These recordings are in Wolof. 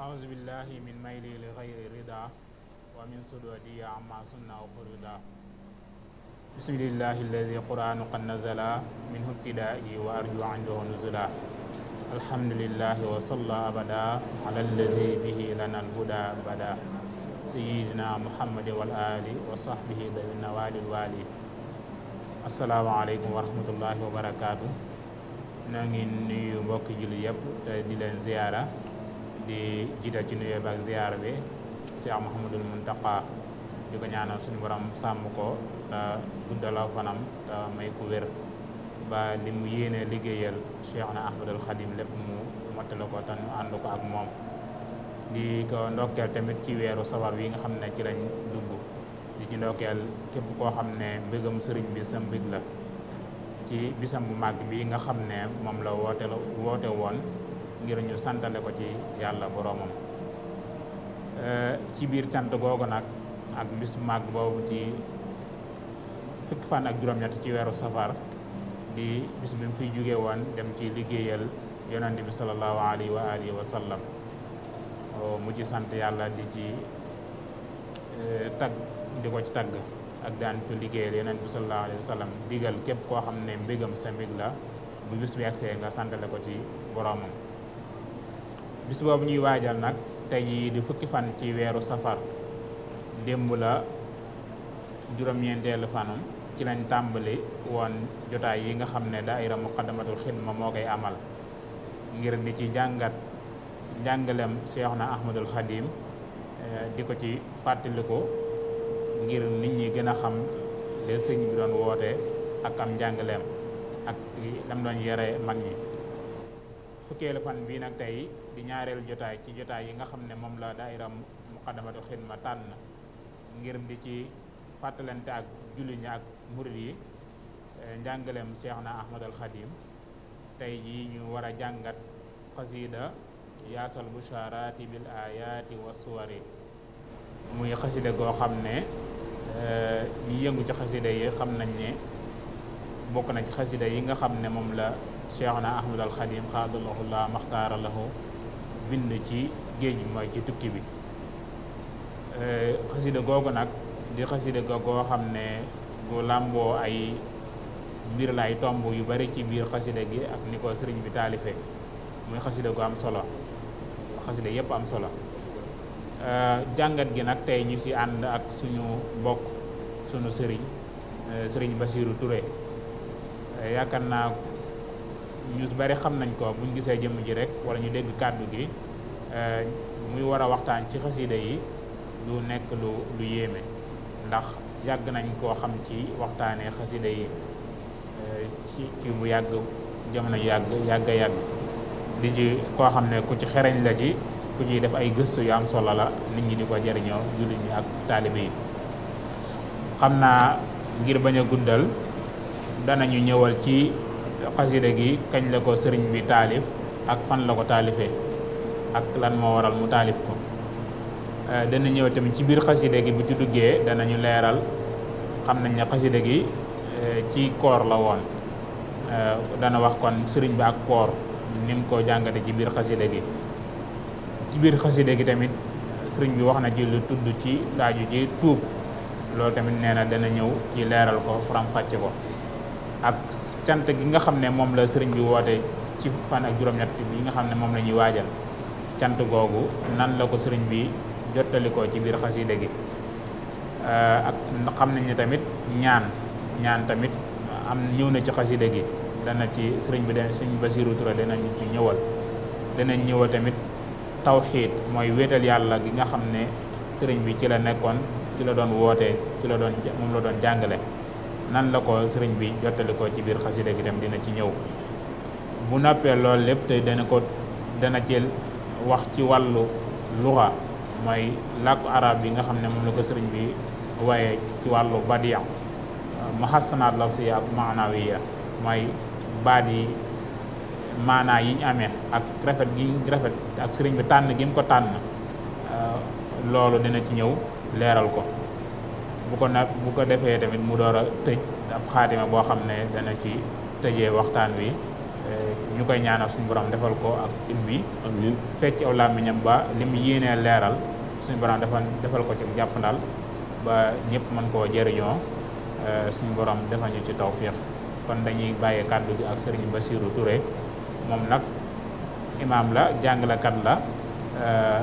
أعوذ بالله من ميلي لغير رضا ومن سدودي عما سنة وفردا بسم الله الذي قرآن قد نزل منه ابتدائي وأرجو عنده نزلا الحمد لله وصلى أبدا على الذي به لنا الهدى بدا سيدنا محمد والآل وصحبه ذوي النوال الوالي السلام عليكم ورحمة الله وبركاته نانgi nuyu mbokk julli yépp te di leen ziyaara di jiital ci nuyoo ba ziyaar bi Cheikh Mouhamadul Muntaqa di ko ñaanal suñu borom sàmm ko te guddaloo fanam te may ku wér ba li mu yéene liggéeyal Cheikh na Ahmadul Xadim lépp mu mottale ko te ñu ànd ko ak moom di ko tamit ci weeru safar yi nga xam ne ci lañ dugg di ci képp koo xam ne mbégam sëriñ bi sa mbég la ci bisam bu màgg bi nga xam ne moom la woote woote woon ngir ñu santale ko ci yàlla boroomam eh, ci biir cant googu nag ak bis màgg boobu ci fukki fan ak juróom-ñett ci weeru safar di bis bi mu fiy jóge dem ci liggéeyal yonent bi sallallahu alayhi wa alihi wa sallam sant yàlla di ci eh, tagg di ko ci tagg ak daan ci liggéeyal yonent bi sallallahu alayhi koo xam ne mbégam sa mbég la bu bis bi agsee nga santale ko ci boroomam bis bu ñuy waajal nag tey jii di fukki fan ci weeru safar démb la juróom-ñeenteelu fanum ci lañ tàmbali woon jotaay yi nga xam ne daayira muqaddamatul xidma moo koy amal ngir ni ci jàngat njàngalem Seex na Ahmadul Xadim eh, di ko ci fàttaliku ngir nit ñi gën a xam de sëñ doon woote ak am njàngaleem ak lam doon yore mag ñi fukkeelu fan bii nag tey di ñaareelu jotaay ci jotaay yi nga xam ne moom la daayira Muqaddamatul Xidma tànn ngir di ci fàttalante ak julli ñi ak murid yi eh, njàngaleem Seexna Ahmadul Xadim tey jii ñu war a jàngat xasida yaasal bushaaraati bil ayaati wa suwari muy xasida goo xam ne eh, ñi yëngu ci xasida yi xam nañ ne bokk na ci xasida yi nga xam ne moom la Cheikhuna Ahmad al Xadim xaadalahullah maxtaara lahu bind ci géej bi mooy ci tukki bi euh, xasida googu nag di xasida goo xam ne gu làmboo ay mbir lay tomb yu bari ci biir xasida gi ak ni ko sëriñ bi taalifee muy xasida gu am solo xasida yépp am solo euh, jàngat gi nag tey ñu ci ànd ak suñu bokk sunu sëriñ euh, sëriñ Basiiru Ture yaakaar naa ñu bari xam nañ ko buñ gisee jëmm ji rek wala ñu dégg kàddu gi euh, muy war a waxtaan ci xasida yi du nekk lu lu yéeme ndax yàgg nañ koo xam ci waxtaanee xasida yi euh, ci ci mu yàgg jamono yàgg yàgg yàgg di ji koo xam ne ku ci xereñ la ji ku ciy def ay gëstu yu am solo la nit ñi di ko jariñoo jullit ñi ak taalibe yi xam naa ngir bañ a guddal danañu ñëwal ci xasida gi kañ la ko sëriñ bi taalif ak fan la ko taalifee ak lan moo waral mu taalif ko euh, dana ñëw tamit ci biir xasida gi bu ci duggee danañu leeral xam nañ ne xasida gi euh, ci koor la woon euh, dana wax kon sëriñ bi ak koor ni mu ko jàngate ci biir xasida gi ci biir xasida gi tamit sëriñ bi wax na ci lu tudd ci laaju ci tuub loolu tamit nee na dana ñëw ci leeral ko faram fàcce ko ak cant gi nga xam ne moom la sëriñ bi woote ci fan ak juróom-ñett bi nga xam ne moom la ñuy waajal cant googu nan la ko sëriñ bi jottalikoo ci biir xasida gi euh, ak xam nañ ne tamit ñaan ñaan tamit am ñëw na ci xasida gi dana ci sëriñ bi dana sëriñ Basiru Ture danañ ci ñëwal danañ ñëwal tamit tawxiid mooy wéetal yàlla gi nga xam ne sëriñ bi ci la nekkoon ci la doon wootee ci la doon moom la doon jàngale nan la ko sëriñ bi jottali ko ci biir xasida gi tam dina ci ñëw bu nappee loolu lépp tey dana ko dana ci wax ci wàllu luxa mooy làkku arab bi nga xam ne moom la ko sëriñ bi waaye ci wàllu badiya muhassanaat lafziya ak maanawiya mooy baat yi maanaa yi ñu amee ak rafet gi rafet ak sëriñ bi tànn gi ko tànn loolu dina ci ñëw leeral ko bu ko nag bu ko defee tamit mu door a tëj ab xaatima boo xam ne dana ci tëjee waxtaan wi eh, ñu koy ñaanal suñu borom defal ko ak ilmi fecc aw làmmiñam ba li mu yéenee leeral suñu borom defal defal ko ci jàpp jàppandal ba ñépp mën koo jëriñoo eh, suñu borom defal ñu ci tawfiix kon dañuy bàyyi kàddu gi ak sëriñ Bassirou Touré moom nag imaam la jàngalekat la eh,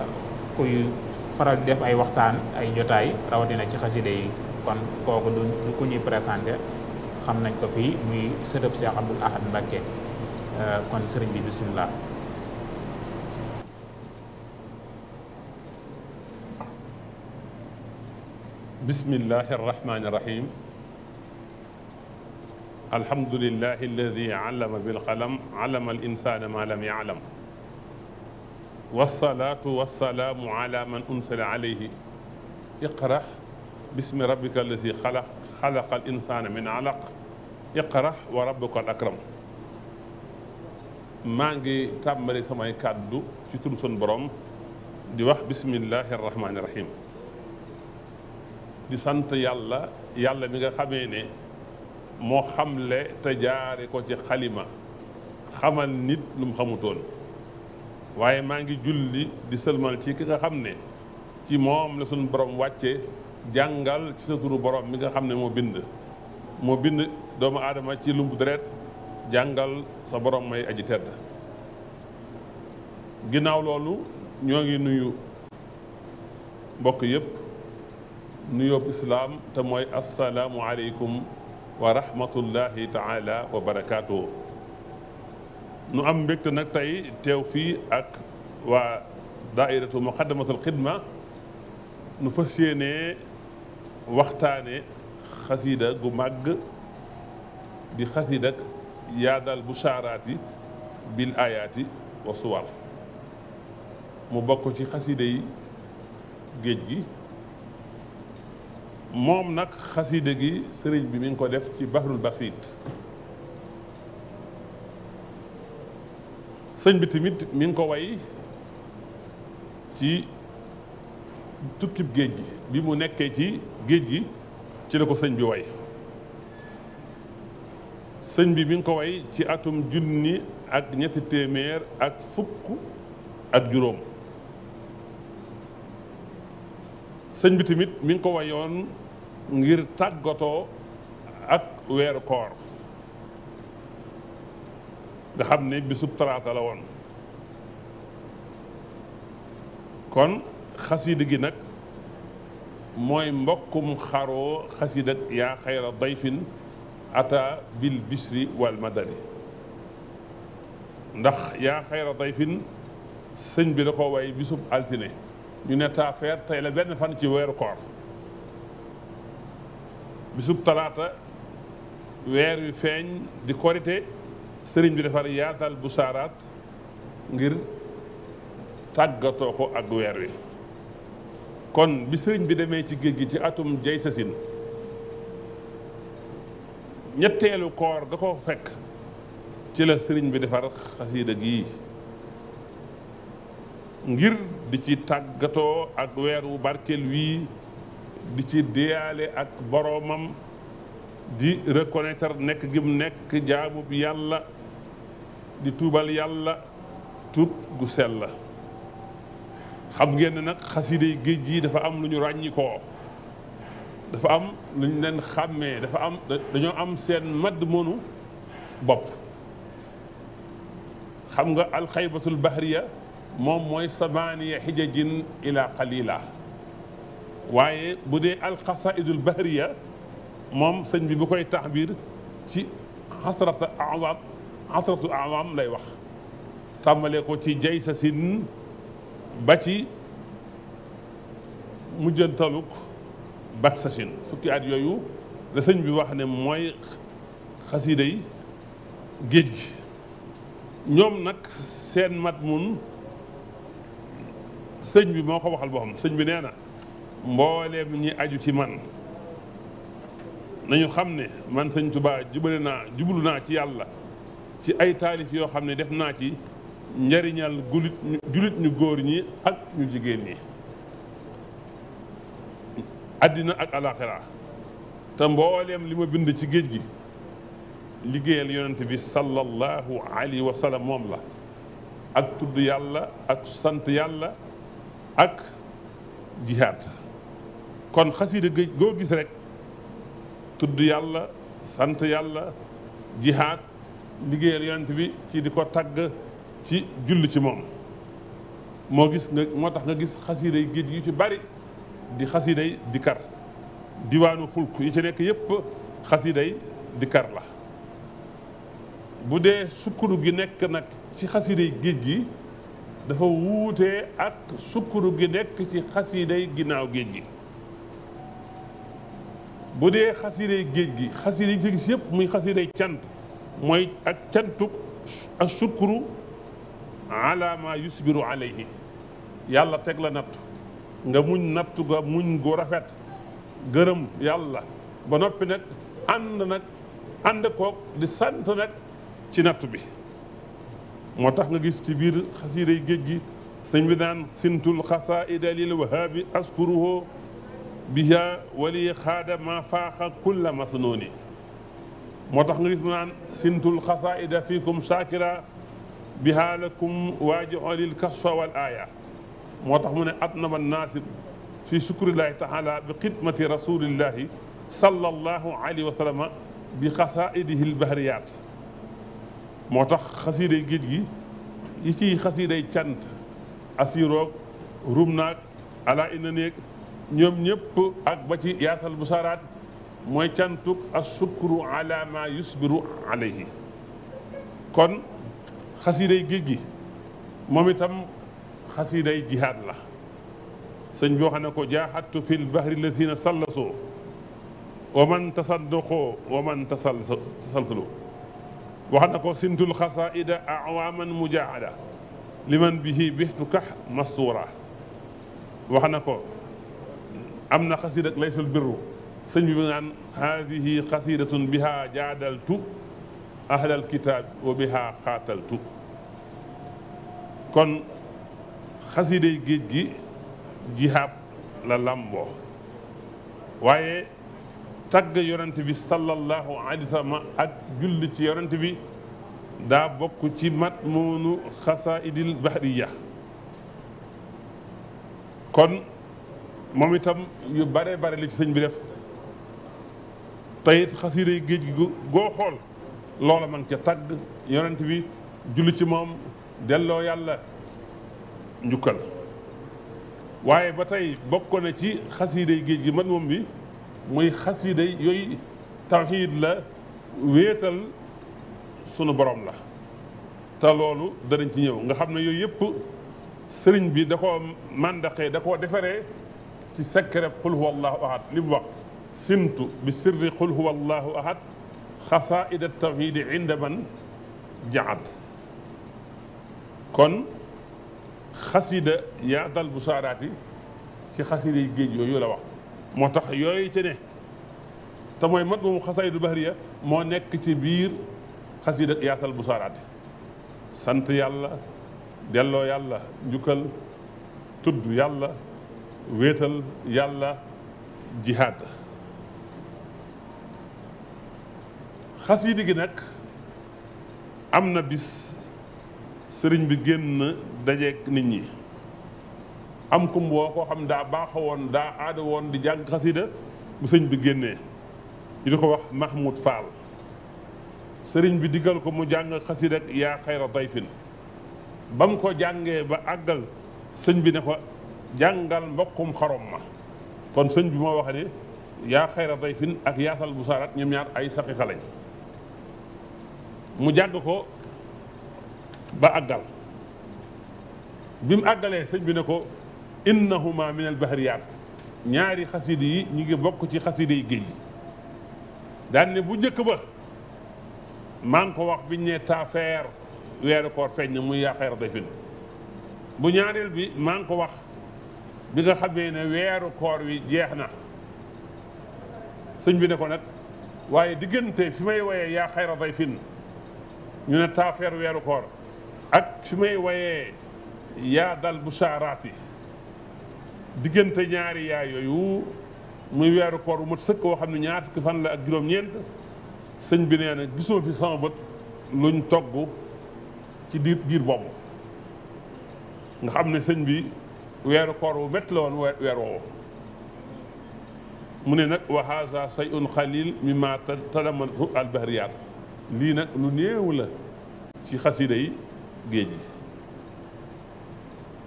kuy faral di def ay waxtaan ay jotaay rawatina ci xaside yi kon ku ñuy présenté xam nañ ko fii muy sëtëb Cheikh Abdoul Ahad Mbacké euh, kon sëriñ bi bisimilah. bismillahi arrahmani irrahim alhamdulilahi alladi allama bilqalam allama al insana ma lam yaalam wasalaatu wasalaamu ala man unsila alayhi iqrax bismi rabbika allazi xalaq xalaqa al insana min alaq iqrax wa rabbuka al akram maa ngi tàmbali samay kàddu ci turu sun borom di wax bismillahi arrahmani rahim di sant yàlla yàlla mi nga xamee ne moo xamle te jaare ko ci xalima xamal nit lu mu xamutoon waaye maa ngi julli di sëlmal ci ki nga xam ne ci moom la suñu borom wàcce jàngal ci sa turu borom mi nga xam ne moo bind moo bind doomu aadama ci lumbu deret jàngal sa borom may aji tedd ginnaaw loolu ñoo ngi nuyu mbokk yëpp nuyoob islaam te mooy asalaamu aleykum wa rahmatullahi taala wa nu am mbégte nag tey teew fii ak waa daairatu muqaddamatul xidma nu fas yéenee waxtaane xasiida gu màgg di xasiida ak bu bushaaraati bil ayaati wa suwar mu bokk ci xasiida yi géej gi moom nag xasiida gi sëriñ bi mi ngi ko def ci bahrul basit sëñ bi tamit mi ko way ci tukkib géej gi bi mu nekkee ci géej gi ci la ko sëñ bi way sëñ bi mi ko way ci atum junni ak ñetti téeméer ak fukk ak juróom sëñ bi tamit mi ngi ko wayoon ngir tàggatoo ak weeru koor nga xam ne bisub talaata la woon kon xasida gi nag mooy mbokkum xaroo xasida yaa xayra dayfin ata bil bisri ndax yaa xayra dayfin sëñ bi da bisub altine ñu ne taafeer tey la benn fan ci weeru koor bisub talaata weer wi feeñ di korite sëriñ bi defar yaatal bu saaraat ngir tàggatoo ko ak weer wi kon bi sëriñ bi demee ci géej gi ci atum jay sasin ñetteelu koor ga ko fekk ci la sëriñ bi defar xasiida gi ngir di ci tàggatoo ak weer wu barkeel wii di ci deyaale ak boroomam di reconnaître nekk gi mu nekk jaamu bi yàlla di tuubal yàlla tuub gu sell la xam ngeen ne nag xasiday géej yi dafa am lu ñu ràññikoo dafa am lu ñu leen xàmmee dafa am dañoo am seen madd mënu bopp xam nga alxaybatul bahriya moom mooy samaaniya xijajin ila qalila waaye bu dee alxasaidul bahriya moom sëñ bi bu koy taxbir ci xasrata awaab atratu awaam lay wax tàmbalee ko ci jay sa sin ba ci mujjantaluk bat sa sin fukki at yooyu la sëñ bi wax ne mooy xasiida yi géej gi ñoom nag seen mat mun sëñ bi moo ko waxal boppam sëñ bi nee na mbooleem ñi aju ci man nañu xam ne man sëñ Tuubaa jubale naa jublu naa ci yàlla ci ay taalif yoo xam ne def naa ci njariñal gulit ñu góor ñi ak ñu jigéen ñi àddina ak alaxira te mbooleem li ma bind ci géej gi liggéeyal yonent bi sallallahu alayhi wa sallam moom la ak tudd yàlla ak sant yàlla ak jihaad kon xasiida goo gis rek tudd yàlla sant yàlla jihaad liggéeyal yonent bi ci di ko tagg ci julli ci moom moo gis nga moo tax nga gis xasiiday géej gi ci bari di xasiiday di kar diwaanu fulk yi ci nekk yépp xasiiday di kar la bu dee sukkuru gi nekk nag ci xasiiday géej gi dafa wuutee ak sukkuru gi nekk ci xasiiday ginnaaw géej gi bu dee xasiiday géej gi xasiida yi ci gis yépp muy xasiiday cant mooy ak cantu ak sukuru ala ma yusbiru alayhi yàlla teg la nattu nga muñ nattu ga muñ gu rafet gërëm yàlla ba noppi nag ànd nag ànd di sant nag ci nattu bi moo tax nga gis ci biir xasiiday géej gi sëñ bi naan sintul xasaida lil wahaabi askuruhu biha wali xaada ma faaxa kulla masnooni moo tax nga gis mu naan sintul xasaida fiikum shakira bihaa lakum waajiho lil kasfa wal aaya moo tax mu ne atnaba naasib fi shukrillahi taala bi xidmati rasulillahi sallallahu alayhi wa sallama bi xasaidihi lbahriyat moo tax xasiiday géej gi yi ciy xasiiday cant asiroog rum naag ala ina néeg ñoom ñëpp ak ba ci yaatal bu saaraat mooy cantuk asukru ala ma yusbiru alayhi kon xasiiday géej gi moom itam xasiiday jihaad la sëñ boo xam ne ko jaaxattu fi lbahri lazina sallasoo wa man tasaddaqoo wa man tasalsaloo wax na ko sintul xasaida awaman mujaahada liman bihi bixtu kax mastuura wax na ko am na xasiid ak laysul birru sëñ bi mu naan haadihi xasidatun biha jaadaltu ahlal kitaab wa biha xaataltu kon xasiday géej gi jihaab la làmboo waaye tagg yonent bi sallallahu alayhi wa sallam ak julli ci yonent bi daa bokk ci mat moonu xasaaidil bahriya kon moom itam yu bare bare li ci sëñ bi def tey it xasiida yi géej gi goo xool loola man ca tàgg yonent bi julli ci moom delloo yàlla njukkal waaye ba tey bokk na ci xasiiday géej gi man moom bi muy xasiiday yooyu tawxiid la wéetal sunu borom la te loolu danañ ci ñëw nga xam ne yooyu yëpp sëriñ bi da koo màndaxee da koo defaree ci secret qul huwallahu ahad li wax sintu bi sirri qul huwa allahu ahad xasaida tawhidi inda man jaat kon xasida yaatal busaaraat yi ci xasida yi géej yooyu la wax moo tax yooyu ci ne te mooy mat moomu xasaydu bahriya moo nekk ci biir xasida yaatal busaaraat yi sant yàlla delloo yàlla njukkal tudd yàlla wéetal yàlla jihaad xasida gi nag am na bis sëriñ bi génn dajeek nit ñi am kum woo koo xam daa baaxa woon daa aada woon di jàng xasida bu sëñ bi génnee ñu di ko wax Mahmoud Fall sëriñ bi diggal ko mu jàng xasida ak yaa xayra dayfin ba mu ko jàngee ba àggal sëñ bi ne ko jàngal mbokkum xarom ma kon sëñ bi moo wax ne yaa xayra dayfin ak yaasal bu saarat ñoom ñaar ay saqiqa lañ mu jàng ko ba àggal bi mu àggalee sëñ bi ne ko innahuma min al bahriyaat ñaari xaside yi ñu ngi bokk ci xaside yi géej gi daan ne bu njëkk ba maa ko wax biñ ne taafeer weeru koor feeñ na muy yaaxeer dafin bu ñaareel bi maa ko wax bi nga xamee ne weeru koor wi jeex na sëñ bi ne ko nag waaye diggante fi may woyee yaa xayra dayfin ñu ne taafeer weeru koor ak su may wayee yaa dal bu saaraat diggante ñaari yaay yooyu muy weeru koor bu mat sëkk woo xam ne ñaar fukki fan la ak juróom-ñeent sëñ bi nee na gisoo fi sama bët luñ togg ci diir diir boobu nga xam ne sëñ bi weeru koor wu métti la weer woowu mu ne nag wa haza say un xalil mi ma tadamantu al bahriyaat lii nag lu néew la ci xasida yi géej gi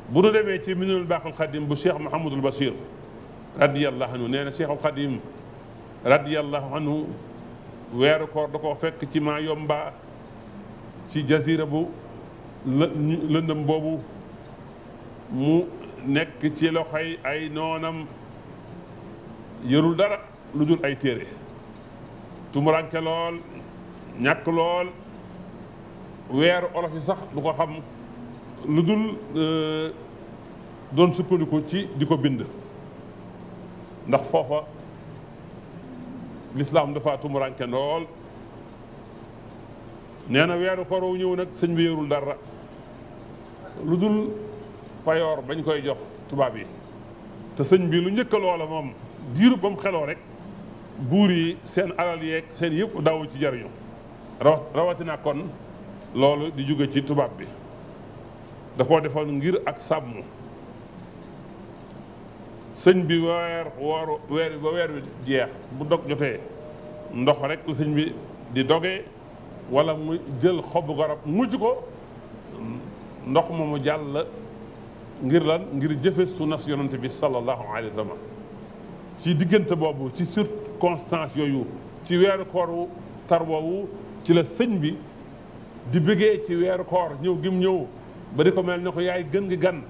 bu nu demee ci minul baaxul xadim bu cheikh mahamadul bachir radiallahu anhu nee na cheikhul xadim radiallahu anhu weeru ko da koo fekk ci maa yomba ci jazira bu lëndëm boobu mu nekk ci loxoy ay noonam yorul dara lu dul ay téere tumuranke lool ñàkk lool weeru olof yi sax du ko xam lu dul euh, doon sukkandiku ci di ko bind ndax foofa lislaam dafa tumuranke lool nee na weeru koor wu ñëw nag sëñ bi yorul dara lu dul payoor bañ koy jox tubaab yi te sëñ bi lu njëkk loola moom diiru ba mu xeloo rek buur yi seen alal yeeg seen yëpp daawu ci jariñu rawatina kon loolu di jóge ci tubaab bi dafoo defoon ngir ak sàmm sëñ bi weer wooru weer ba weer wi jeex bu dog jotee ndox rek lu sëñ bi di doge walla mu jël xobu garab mujj ko ndox moomu jàll ngir la ngir jëfe sunnas yonante bi sallallahu alayhi wa ci diggante boobu ci circonstance yooyu ci weeru kooru tar woowu ci la sëñ bi di bëggee ci weeru koor ñëw gim ñëw ba di ko mel ne ko yaay gën gi gan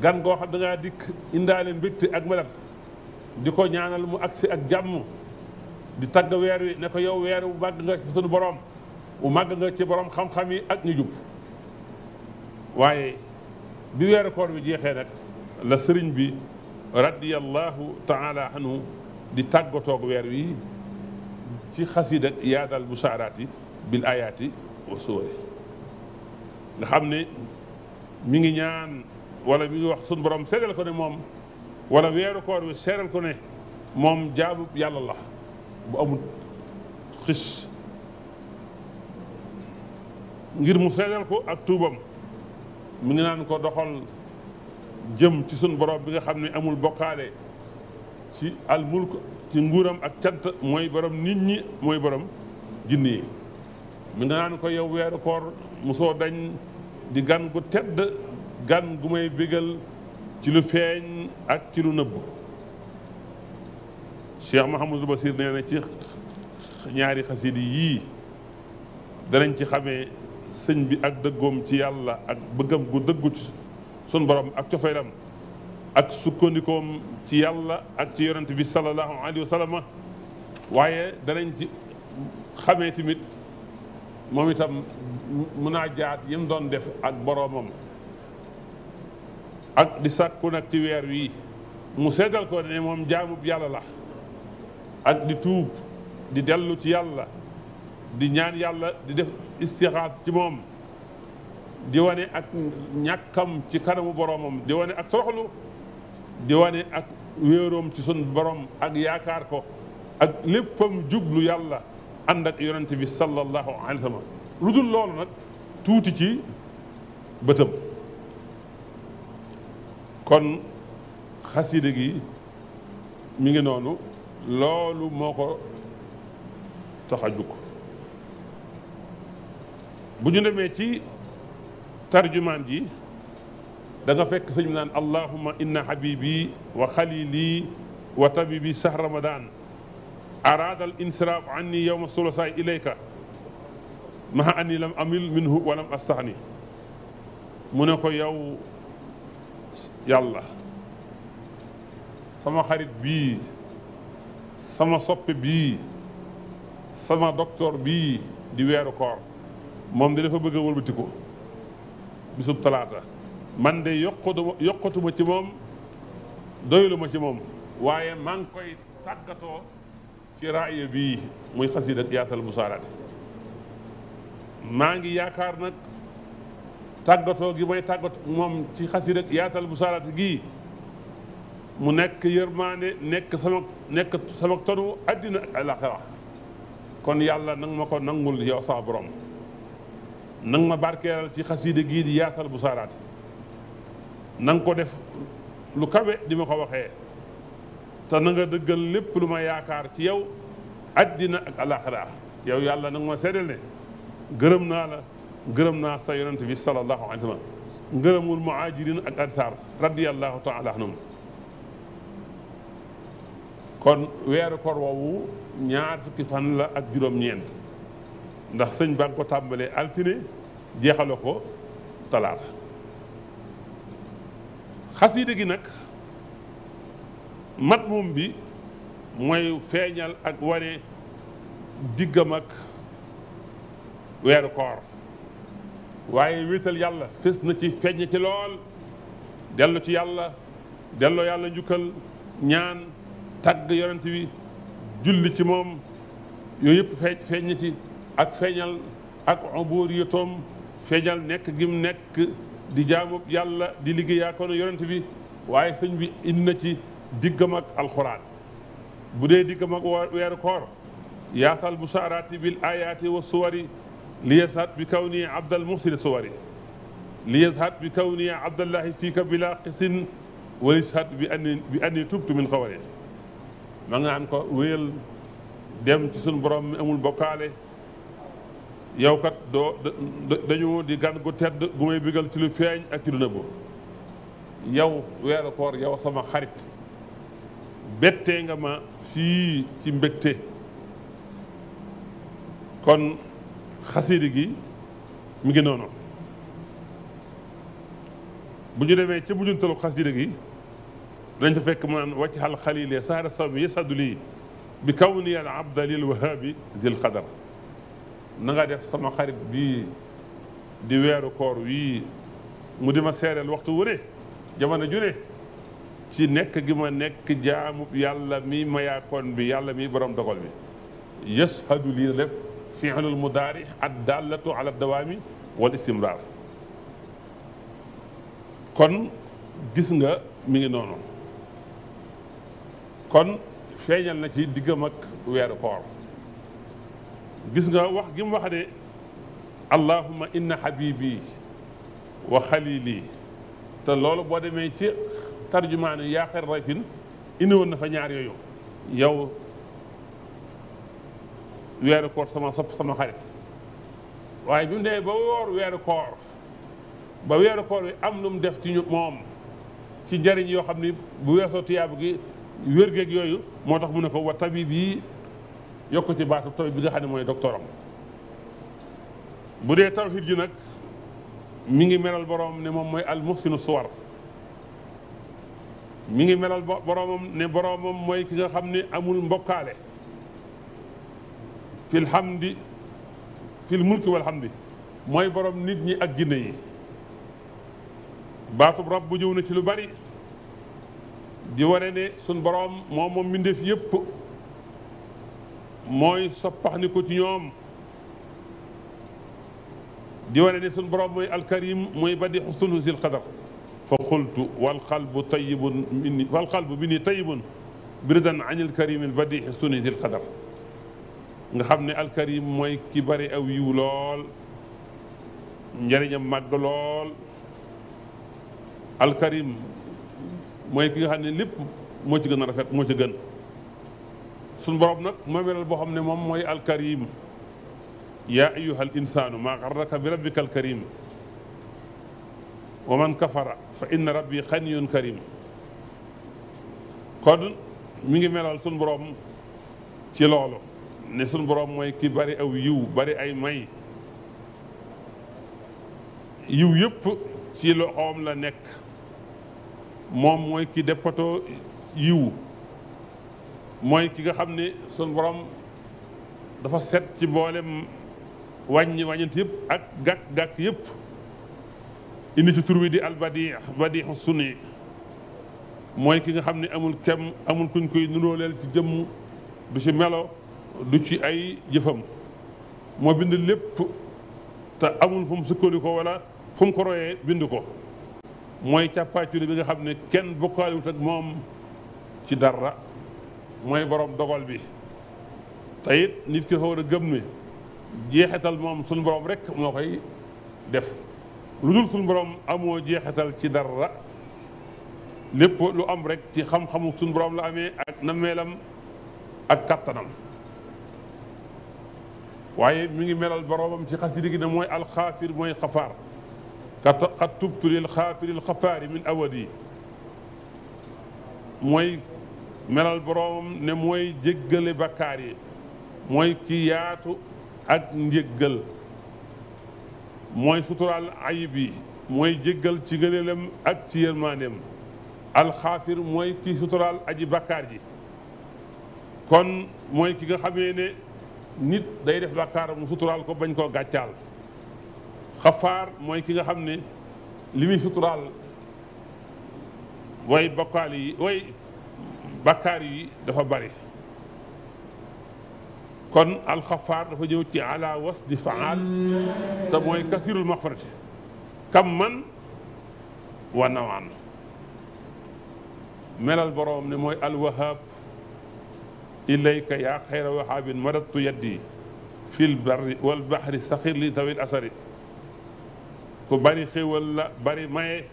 gan goo xam da dikk indaale mbégte ak melat di ko ñaanal mu agsi ak jàmm di tagg weer wi ne ko yow weer wu màgg nga ci sunu borom wu màgg nga ci borom xam-xam yi ak ñu jub waaye bi weeru koor bi jeexee nag la sëriñ bi radiyallahu taala anhu di tàggatoog weer wi ci xasiid ak yaadal busaaraat yi bil ayaati wa suuri nga xam ne mi ngi ñaan walla mu ngi wax sunu borom seeral ko ne moom wala weeru koor wi seeral ko ne moom jaabu yàlla la bu amul xis ngir mu seeral ko ak tuubam mi ngi naan ko doxal jëm ci sunu borom bi nga xam ne amul bokkaale ci al ci nguuram ak cant mooy borom nit ñi mooy borom jinni mi naan ko yow weeru koor mosoo dañ di gan gu tedd gan gu may bégal ci lu feeñ ak ci lu nëbb Cheikh Mouhamadul Basir nee na ci ñaari xasidi yii danañ ci xamee sëñ bi ak dëggoom ci yàlla ak bëggam gu dëggu ci sun borom ak cofeelam ak sukkandikoom ci yàlla ak ci yonent bi sallallahu alayhi wa sallam waaye danañ ci xamee tamit moom itam munaajaat yi mu doon def ak boroomam ak di sàkku nag ci weer wii mu seddal ko ne moom jaamub yàlla la ak di tuub di dellu ci yàlla di ñaan yàlla di def istixaar ci moom di wane ak ñàkkam ci kanamu boroomam di wane ak toroxlu di wane ak wéeroom ci sun boroom ak yaakaar ko ak léppam jublu yàlla ànd ak yonent bi sallallahu alayhi wa lu dul loolu nag tuuti ci bëtam kon xasida gi mu ngi noonu loolu moo ko tax jug bu ñu demee ci tarjumaan ji da nga fekk sëñ bi naan allahuma inna habibi wa xalili wa tabibi sahr ramadan araada al insiraaf anni yowma sulasaay ilayka maha anni lam amil minhu walam astaxni mu ne ko yow yàlla sama xarit bii sama soppe bii sama docteur bii di weeru koor moom de dafa bëgg a wëlbatiku bisub talaata man de yokkatuma yokkatuma ci moom doylu ma ci moom waaye maa ngi koy tàggatoo ci raaya bii muy xasida ak bu musaaraati maa ngi yaakaar nag tàggatoo gi may tàggat moom ci xasida ak bu musaaraati gii mu nekk yërmaande nekk sama nekk sama tonu addina ak alaxira kon yàlla nang ma ko nangul yow sax borom nang ma barkeeral ci xasida gii di yaatal musaaraati nang ko def lu kawe di ma ko waxee te na nga dëggal lépp lu ma yaakaar ci yow addina ak alaxira yow yàlla na nga ma seedeel ne gërëm naa la gërëm naa sa yonent bi sallallahu alayhi wa sallam ngërëmul muhajirin ak ansaar radiyallahu taala anhum kon weeru kor woowu ñaar fukki fan la ak juróom-ñeent ndax sëñ ba nga ko tàmbalee altine jeexale ko talaata xasiida gi nag mat moom bi mooy feeñal ak wane diggam ak weeru koor waaye wéetal yàlla fés na ci feeñ ci lool dellu ci yàlla delloo yàlla njukkal ñaan tagg yonent bi julli ci moom yooyu yëpp feeñ feeñ ci ak feeñal ak ubuuriyatoom feeñal nekk mu nekk di jaamu yàlla di liggéey yaa kono yonent bi waaye sëñ bi indi ci diggam ak alxuraan bu dee diggam ak weeru koor yaasal bushaaraati wa suwari li yazhad bi kaw nii abdal muhsin suwari bi kaw nii abdallahi fiika bila qisin wa lishad bi anni tubtu min xawari ma naan ko wéyal dem ci suñu borom mi amul bokkaale yow kat doo dañu di gan gu tedd gu may bigal ci lu feeñ ak ci lu nëbbu xarit bettee nga ma fii ci mbégte kon xasidi gi mu ngi noonu bu ñu demee ca mujjantalu xasidi gi dañ fa fekk mu naan wàcc xal xalile saara saw bi yasadu lii bi kaw ni al abda lil wahabi dil qadar def sama xarit bii di weeru koor wii mu di ma seereel waxtu wu ne jamono ju ne ci nekk gi ma nekk jaamu yàlla mi mayaakoon bi yàlla mi borom dogal bi yashhadu lii la def fi'lul mudaari ad dallatu ala dawaami wal istimraar kon gis nga mi ngi noonu kon feeñal na ci diggam ak weeru koor gis nga wax gi mu wax de allahumma inna habibi wa xalili te loolu boo demee ci tarjumaanu yaa xer rayfin indi woon na fa ñaar yooyu yow weeru koor sama sopp sama xarit waaye bi mu dee ba woor weeru koor ba weeru koor wi am lu mu def ci ñu moom ci njariñ yoo xam ni bu weesoo tuyaab gi wér-géeg yooyu moo tax mu ne ko wa tabib yi yokk ci baatu tabib bi nga xam ne mooy doctoram bu dee tawhid ji nag mi ngi melal borom ne moom mooy al muhsinu suwar mi ngi melal boroomam ne boroomam mooy ki nga xam ne amul mbokkaale fil hamdi fil mulki wal hamdi mooy boroom nit ñi ak ginne yi baatub rab bu jëw na ci lu bari di wane ne suñ boroom moom moom mbindeef yépp mooy soppax ni ko ci ñoom di wane ne suñ boroom mooy alkarim mooy badi xusunu zil qadar fa xultu walqalbu tayibun minni walqalbu bi nii tayibun biridan anil karim il badixi sunnitil qadar nga xam ne alkarim mooy ki bari aw yiw lool njëriñam màgg lool alkarim mooy ki nga xam ne lépp moo ci gën a rafet moo ci gën suñ borom nag moomelal boo xam ne moom mooy alkarim yaa ayuha al insaanu maa garraka bi rabbika alkarim wa man kafara fa inna rabbi xaniyun karim kon mi ngi melal suñ boroom ci loolu ne suñ boroom mooy ki bari aw yiw bari ay may yiw yëpp ci loxoom la nekk moom mooy ki deppatoo yiw mooy ki nga xam ni sun boroom dafa set ci mboolem wàññi wàññant yëpp ak gàkk-gàkk yëpp indi ci tur wi di albadix badixu suni mooy ki nga xam ni amul kem amul kuñ koy nuróoleel ci jëmm du ci melo du ci ay jëfam moo bind lépp te amul fum mu sukkandikoo wala fu mu ko royee bind ko mooy càppaaculi bi nga xam ne kenn bokkaaliwut ak moom ci dara mooy borom dogal bi te nit ki dafa war a gëm ne moom suñu borom rek moo koy def lu dul suñu borom amoo jeexital ci dara lépp lu am rek ci xam-xamu suñu borom la amee ak nameelam ak kattanam waaye mi ngi melal boromam ci xas digi ne mooy alxaafir mooy xafaar qad tubtu lil xaafiril xafaari min awadi mooy melal boromam ne mooy jéggale bakkaar yi mooy ki yaatu ak njéggal mooy suturaal ayib mooy jéggal ci ngëneelam ak ci yërmandeem alxaafir mooy ki suturaal aji bakkaar ji kon mooy ki nga xamee ne nit day def bàkkaar mu suturaal ko bañ koo gàccaal xafaar mooy ki nga xam ne limi muy suturaal way bàkkaar yi way yi dafa bari kon alxafaar dafa ñëw ci ala was di faal mooy kasirul maxfarati kam man wa nawaan melal boroom ne mooy alwahaab ilayka yaa xayra wahaabin madattu yaddi fil barri wal baxri saxir li dawil asari ku bari xéwal la bari maye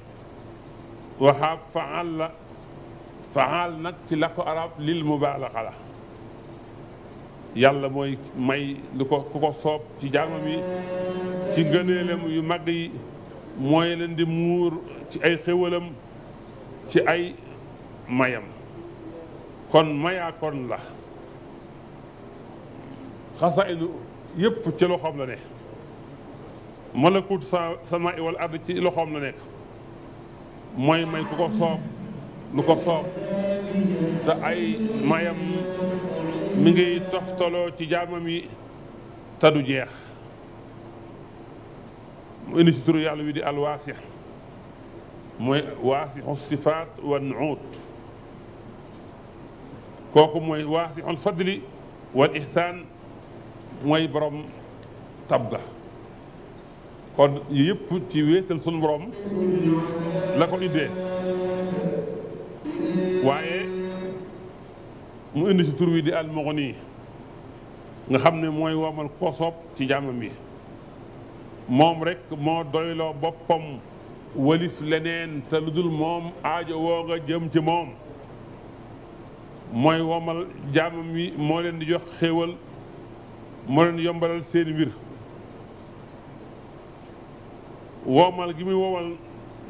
wahaab faal la faal nag ci làkku arab lil mubaalaxa la yàlla mooy may lu ko ko soob ci jaamam yi ci ngëneelam yu màgg yi mooy leen di muur ci ay xéwalam ci ay mayam kon mayaa kon la xasaayinu yëpp ci loxoom la ne malakut sama i wal ard ci loxoom la nekk mooy may ku ko soob lu ko soob te ay mayam mi ngi toftaloo ci jaamam yi tadu jeex mu si turu yàlla wi di alwaasix mooy waasixu sifaat wa nuut kooku mooy waasixul fadli wal ihsaan mooy borom tabga kon yëpp ci wéetal sunu borom la ko indee waaye mu indi si tur wi di almughni nga xam ne mooy womal ko ci jàmmam yi moom rekk moo doyloo boppam walif leneen te lu dul moom aajo woo nga jëm ci moom mooy womal jaamam yi moo leen di jox xéewal moo leen yombalal seen wir woomal gi muy womal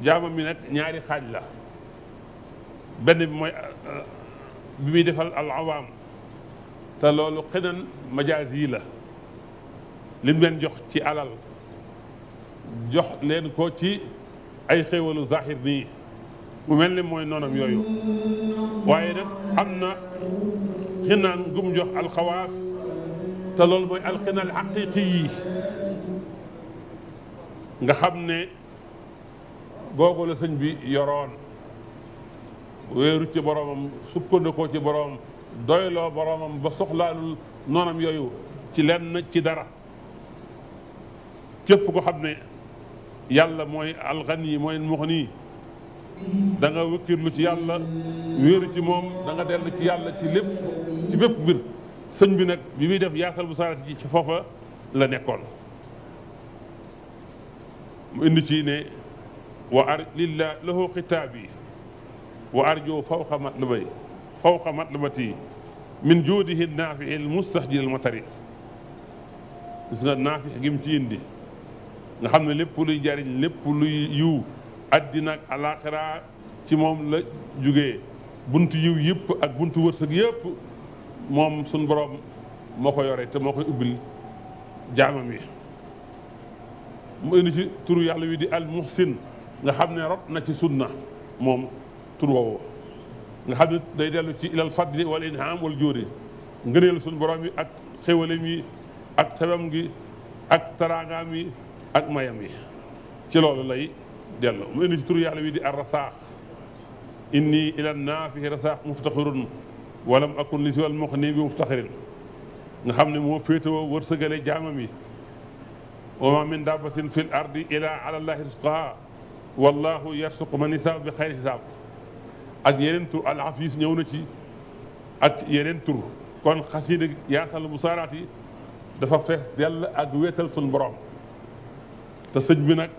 jaamam yi nag ñaari xaaj la benn bi mooy bi muy defal al awaam te loolu xënan majaas yi la lim leen jox ci alal jox leen ko ci ay xéewalu zahir nii mu mel ni mooy noonam yooyu waaye am na xinaan gum jox alxawaas te loolu mooy alxinaan xaqiqi yi nga xam ne googu la sëñ bi yoroon wéeru ci boromam sukkandikoo ci boromam doyloo boroomam ba soxlaalul noonam yooyu ci lenn ci dara képp ko xam ne yàlla mooy alxani mooy muxni da nga wëkkirlu ci yàlla wéeru ci moom danga nga dellu ci yàlla ci lépp ci bépp mbir sëñ bi nag bi muy def yaatal bu sarat ji ci foofa la nekkoon mu indi ci ne wa ar lillah lahu xitaab yi wa arjo fawqa matlabay fawqa matlabati min joodihi naafixi l mustahjil al matari gis nga naafix gi mu ci indi nga xam ne lépp luy jariñ lépp luy yiw addina ak alaxira ci moom la jugee bunt yiw yëpp ak buntu wërsëg yépp moom suñ borom moo ko yore te moo koy ubbil jaamam yi mu indi ci turu yàlla wi di al nga xam ne rot na ci sunna moom tur woowu nga xam ne day dellu ci ilal fadli wal inham wal jóori ngëneelu suñu borom yi ak xéwalam yi ak tawam gi ak taraangaam yi ak mayam yi ci loolu lay dellu mu indi ci tur yàlla wi di ar rasaax inni ilan naafihi rasaax muftaxirun walam akun li si wal muxni bi muftaxirin nga xam ne moo féetewoo wërsëgale jaamam yi wa ma min dabbatin fi l ardi ila ala llahi risqaha wallahu yarsuqu man yashaa bi xayri hisaab ak yeneen tur al afis ñëw na ci ak yeneen tur kon xasida yaatal musaaraat yi dafa fees dell ak wéetal suñ borom te sëñ bi nag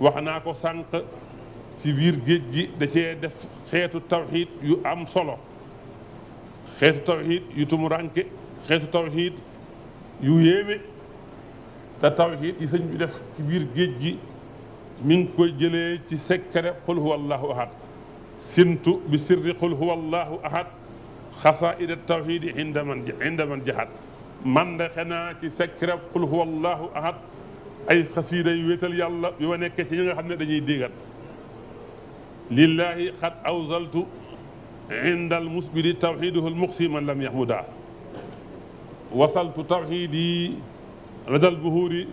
wax naa ko sànq ci biir géej gi da cee def xeetu tawxiid yu am solo xeetu tawxiid yu tumuranke xeetu tawxiid yu yéeme te tawxiid yi sëñ bi def ci biir géej gi mi ngi koy jëlee ci sekkare qul huwa allahu ahad sintu bi sirri qul huwa allahu ahad xasaida tawxidi inda man inda man jahad man de xanaa ci secret qul huwa allahu ahad ay xasiida yu wéetal yàlla yu ma nekkee ci ñi nga xam ne dañuy diigat lillahi xad awzaltu inda almusbiri tawxiduhu almuxsi man lam yaxmuda wasaltu tawxidi radal buhuuri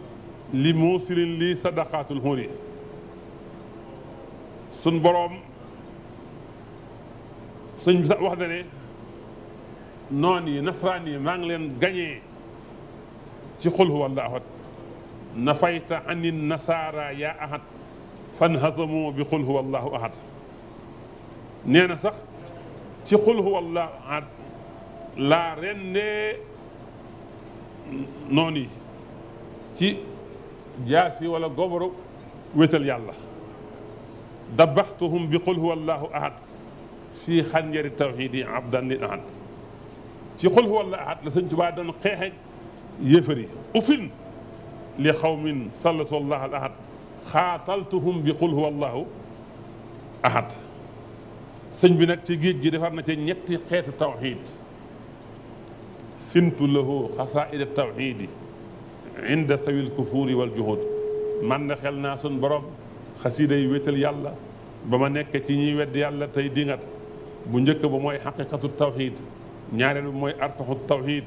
li muusilin li sadaqaatul huuri sun boroom sëñ bi sax wax na ne noon yi nasraan yi maa ngi leen gañee ci xul huwa allaahu ahad nafayta ani nasaara yaa ahad fanhazamu bi xul huwa allaahu ahad nee na sax ci xul huwa allaahu ahad laa rendee noon yi ci jaasi wala goboru wétal yàlla dabaxtuhum bi xul huwa allaahu ahad fii xanjari tawxiid yi abdan lil ahad ci xul wala ahad la sëñ Tuubaa doon xeexeeg yéefar yi ufin li xawmin sallatu allah al ahad xaataltuhum bi qul huwa allahu ahad sëñ bi nag ci géej gi defar na ci ñetti xeetu tawxid sintu lahu xasaaid tawxidi inda sawil kufuuri wal juhud man na xel naa sun borom xasiiday wéetal yàlla ba ma nekk ci ñiy wedd yàlla tey dingat bu njëkk ba mooy xaqiqatu tawxid ñaareel bi mooy arfaxu tawxid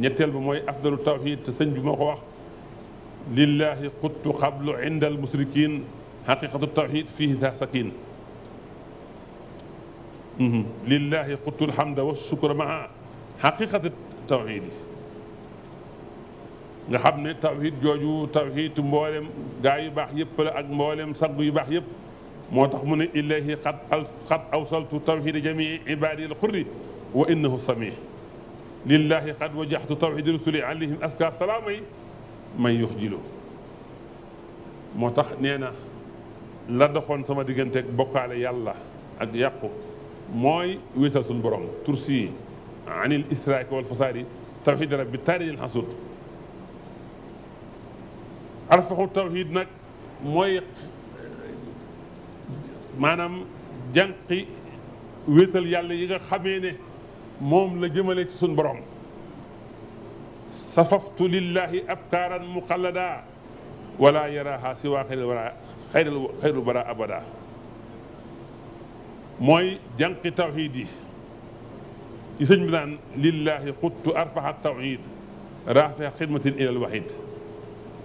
ñetteel bi mooy afdalu tawxid te sëñ bi moo ko wax lillahi quttu xablu inda al musrikin xaqiqatu tawxid fihi da sakin mhm. lillahi quttu lhamda wa shukra maa xaqiqatu tawxid yi nga xam ne tawxid jooju tawxid mboolem gaa yu baax yëpp la ak mboolem saggu yu baax yëpp moo tax mu ne illahi xat xat awsaltu tawxida jamii ibaadi al xurri wa innahu samih lillahi xat wajaxtu tawxida rusuli alayhim aska salaama yi may yox jilo moo tax nee na la doxoon sama digganteeg bokkaale yàlla ak yàqu mooy wéetal suñu borom tursi yi anil israaki wal fasaadi tawxid rabbi taaril xasut arfaxu tawxid nag mooy maanaam jànqi wéetal yàlla yi nga xamee ne moom la jëmale ci suñ borom safaftu lillahi abkaaran muqallada wala yaraha siwa xayril wara xayril xayril wara abada mooy jànqi tawxid yi yi sëñ bi naan lillahi xuttu arfaxa tawxid raafixa xidmatin ilal waxid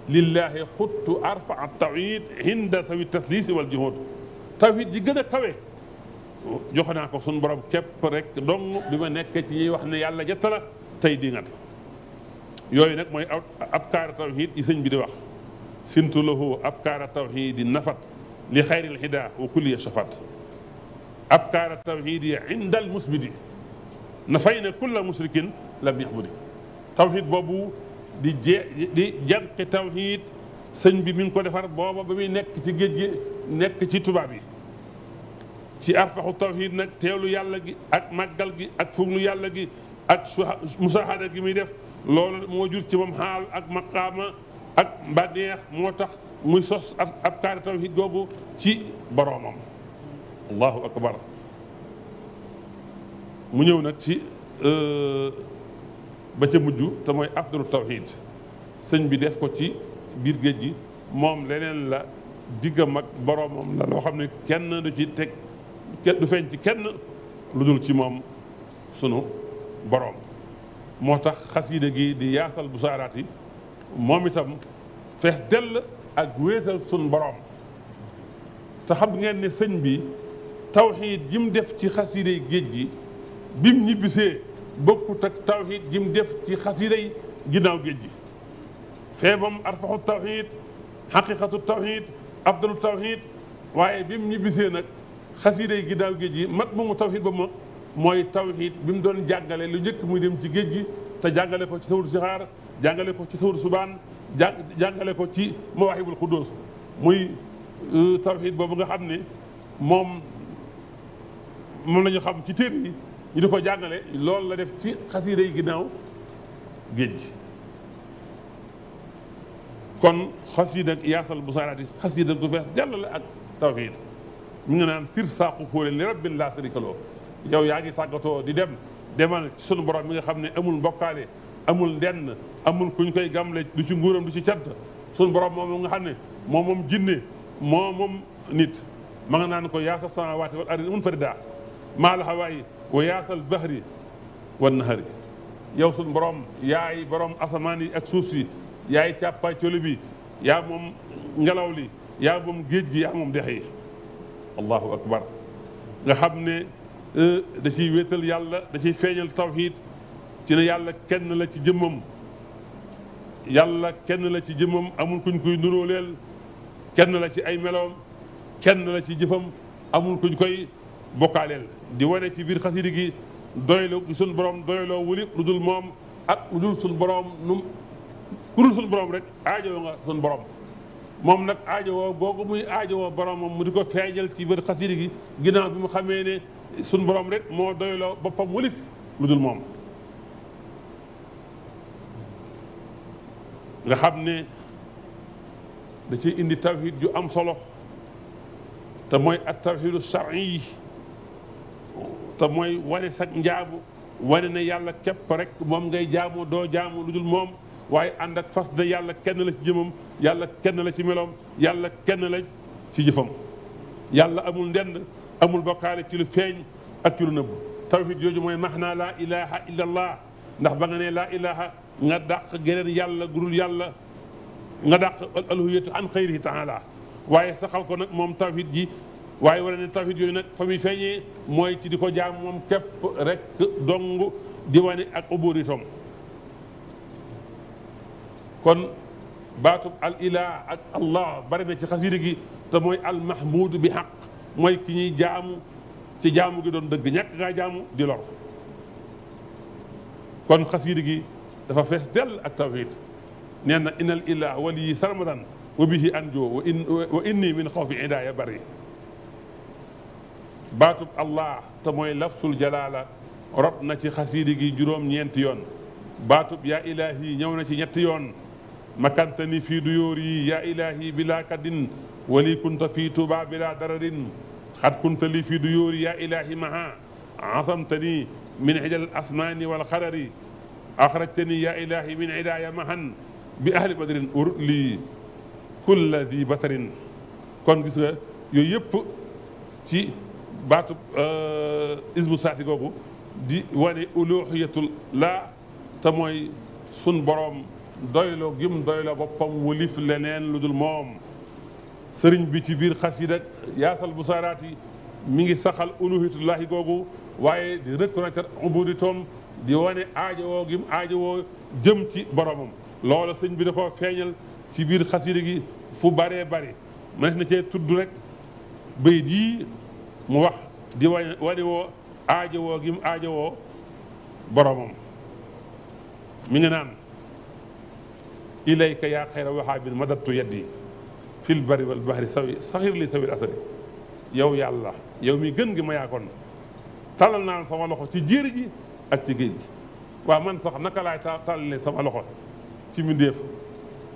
lillahi xuttu arfaxa tawxid hinda sawi taslisi wal juhud tawit yi gën a kawe jox naa ko suñu borom képp rek dong bi ma nekk ci ñuy wax ne yàlla jetta la tey di ngat yooyu nag mooy ab kaara tawhid yi sëñ bi di wax sintu lahu ab kaara tawhid yi nafat li xayril hida wa kulliya shafat ab kaara tawhid yi indal musbidi na fay ne kulla musrikin lam yahmudi tawhid boobu di je di jànqi tawhid sëñ bi mi ko defar booba ba muy nekk ci géej gi nekk ci tubaab yi ci arfaxu tawhid nag teelu yàlla gi ak màggal gi ak fuglu yàlla gi ak musahada gi muy def loolu moo jur ci moom xaal ak maqaama ak mbànneex moo tax muy sos ab kaari tawhid googu ci boroomam allahu akbar mu ñëw nag ci euh, ba ca mujj te mooy afdalu sëñ bi def ko ci biir géej gi moom leneen la diggam ak boroomam la loo xam ne kenn ci teg du feeñ ci kenn lu dul ci moom sunu boroom moo tax xasiida gi di yaasal bu saaraat yi moom itam fees dell ak wéetal sunu boroom te xam ngeen ne sëñ bi tawxiid gi mu def ci xasiiday géej gi bim ñibbisee bokkut ak tawxiid gi mu def ci xasiiday ginnaaw géej gi feebam arfaxu tawxiid xaqiqatu tawxiid afdalu tawxiid waaye bim ñibbisee nag xasiida yi ginnaaw géej gi mat moomu tawxiid ba ma mooy tawxiid bi mu doon jàngale lu njëkk muy dem ci géej gi te jàngale ko ci sawul sixaar jàngale ko ci sawul subaan jàngale ko ci mawaahibul xudóos muy euh, tawxiid boobu nga xam ne moom moom la xam ci téere yi ñu di ko jàngale loolu la def ci xasiida yi ginnaaw géej gi kon xasiida ak yaasal bu saaraati xasiida gu fees jàllal la ak tawxiid ñu ngi naan sir saaqu fóole li rabbin laa sharika lahu yow yaa ngi tàggatoo di dem demal ci sunu borom mi nga xam ne amul mbokkaale amul ndenn amul kuñ koy gamle du ci nguuram du ci cant sunu borom moom nga xam ne moom moom jinne moo moom nit ma nga naan ko yaasa samaawaati wal ardi munfarida maa la hawaayi wa yaasal bahri wan nahari yow sunu borom yaay borom asamaan yi ak suuf si yaay càppaay colu bi yaa moom ngelaw li yaa moom géej gi yaa moom dex allahu akbar nga xam ne euh, da ciy wéetal yàlla da ciy feeñal tawxiid ci ne yàlla kenn la ci jëmmam yàlla kenn la ci jëmmam amul kuñ koy nuróoleel kenn la ci ay meloom kenn la ci jëfam amul kuñ koy bokkaaleel di wane ci biir xasidi gi doyloo gi suñ borom doyloo wuli lu dul moom ak lu dul suñ borom num ku dul suñ borom rek aajoo nga suñ borom moom nag aajowoo googu muy aajowoo boromam mu di ko feejal ci biir xasida gi ginnaaw bi mu xamee ne suñ borom rek moo doyloo boppam wulif lu dul moom nga xam ne da ciy indi tawhid ju am solo te mooy at tawhidu shar'i te mooy wane sag njaabu wane na yàlla képp rek moom ngay jaamu doo jaamu lu dul moom waaye ànd ak fas ne yàlla kenn la ci jëmam yàlla kenn la ci meloom yàlla kenn la ci yàlla amul ndend amul bokkaale ci lu feeñ ak ci tawhid jooju mooy max naa laa ilaha illa allah ndax ba nga nee laa nga dàq geneen yàlla gudul yàlla nga dàq alhuyatu an waaye saxal ko nag moom tawhid ji waaye wane ne tawhid yooyu nag fa muy mooy ci di ko jaam moom képp rek dongo di wane ak uburitom kon baatub al ilah ak allah bari ci xasida gi te mooy al mahmudu bi xaq mooy ki ñuy jaamu ci jaamu gi doon dëgg ñàkk ngaa jaamu di lor kon xasida gi dafa fees dell ak tawhid nee na inal ilah waliyi sarmadan wa bihi anjo wa in inni min xawfi idaaya bari baatub allah te mooy lafsul jalaala rot na ci xasida gi juróom-ñeenti yoon baatub yaa ilahi ñëw na ci ñetti yoon مكنتني في ديوري يا إلهي بلا كد ولي كنت في توبة بلا درر قد كنت لي في ديوري يا إلهي معا عصمتني من عجل الأسمان والقرر أخرجتني يا إلهي من عدايا معا بأهل بدر أر لي كل ذي بتر kon gis nga yooyu yëpp ci baatu isbu saati googu di wane uluhiyatul laa te mooy sun boroom doyloo gim doyloo boppam wëlif leneen lu dul moom sëriñ bi ci biir xasida yaasal bu saaraat yi mi ngi saxal uluhitullahi googu waaye di reconnaître ubuditoom di wane aajowoo gim aajowoo jëm ci boromam loolu sëñ bi dafa feeñal ci biir xasida gi fu baree bare mënees na cee tudd rek bayit yii mu wax di wane wane woo aajowoo gim aajowoo boromam mi ngi naan ilayka yaa xayra wahaabin madattu yaddi fil bari wal bahri sawi saxir li sawil asadi yow yàlla yow mi gën gi ma yaakoon talal naa sama loxo ci jéeri ji ak ci géej gi waaw man sax naka laay tàllalee sama loxo ci mbindéef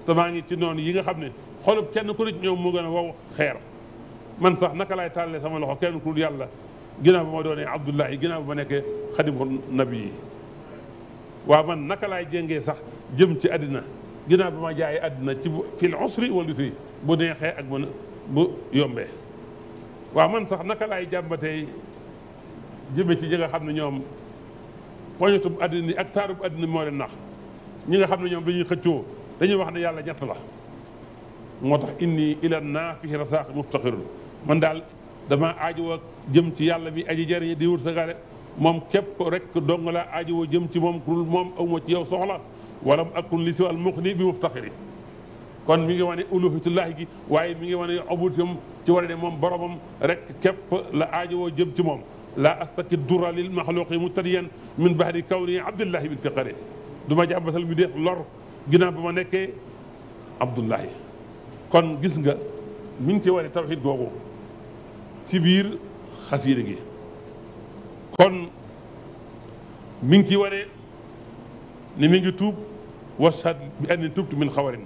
te maa ngi ci noon yi nga xam ne xolub kenn ku nekk ñoom moo gën a wow xeer man sax naka laay tàllalee sama loxo kenn ku yàlla ginnaaw ba ma doonee Abdullahi ginnaaw ba ma nekkee xadimu nabi yi waaw man naka laay jéngee sax jëm ci àddina jinaa bi ma jaayee àddina ci fil usri wal yusri bu neexee ak bu bu yombee waaw man sax naka laay jàmbatee jëme ci ñi nga xam ne ñoom poñetum àddina ni ak taaru àddina moo leen nax ñi nga xam ne ñoom dañuy xëccoo dañuy wax ne yàlla ñett la moo tax inni ilan naa fi rasaaq muftaxirun man daal dama aajowoo jëm ci yàlla mi aji jariñe di wut sa gare moom képp rek dong laa aajowoo jëm ci moom kurul moom awma ci yow soxla walam akun li si al muqni bi muftaxiri kon mi ngi wane uluhitullahi gi waaye mi ngi wane abutam ci wane ne moom boromam rek képp la aajowoo jëm ci moom la astaki dura lil maxluqi mutadiyan min bahri kawni abdullahi bil fiqare du ma jàmbatal mi deex lor ginnaaw ba ma nekkee abdullahi kon gis nga mi ngi ci wane tawxid googu ci biir xasiida gi kon mi ngi ci wane ni mi ngi tuub wasat bi anni tubtu min xawarin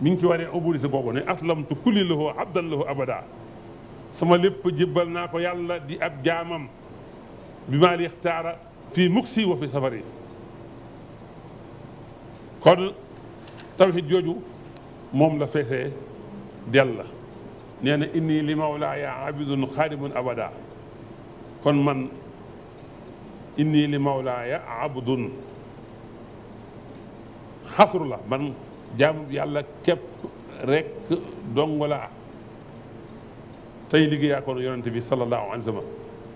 mi ngi ci waree ubudité boobu ne aslamtu kulli lahu abdan lahu abada sama lépp jébbal naa ko yàlla di ab jaamam bi maa li ixtaara fii muksi wa fi safari kon tawxid jooju moom la feesee del la nee na inni li mawlaaya abidun xaadimun abada kon man inni li mawlaaya abdun xasru la man jaamu yàlla képp rekk dongo laa tey liggéeyaa ko yonente bi sallallahu alayhi wa sallam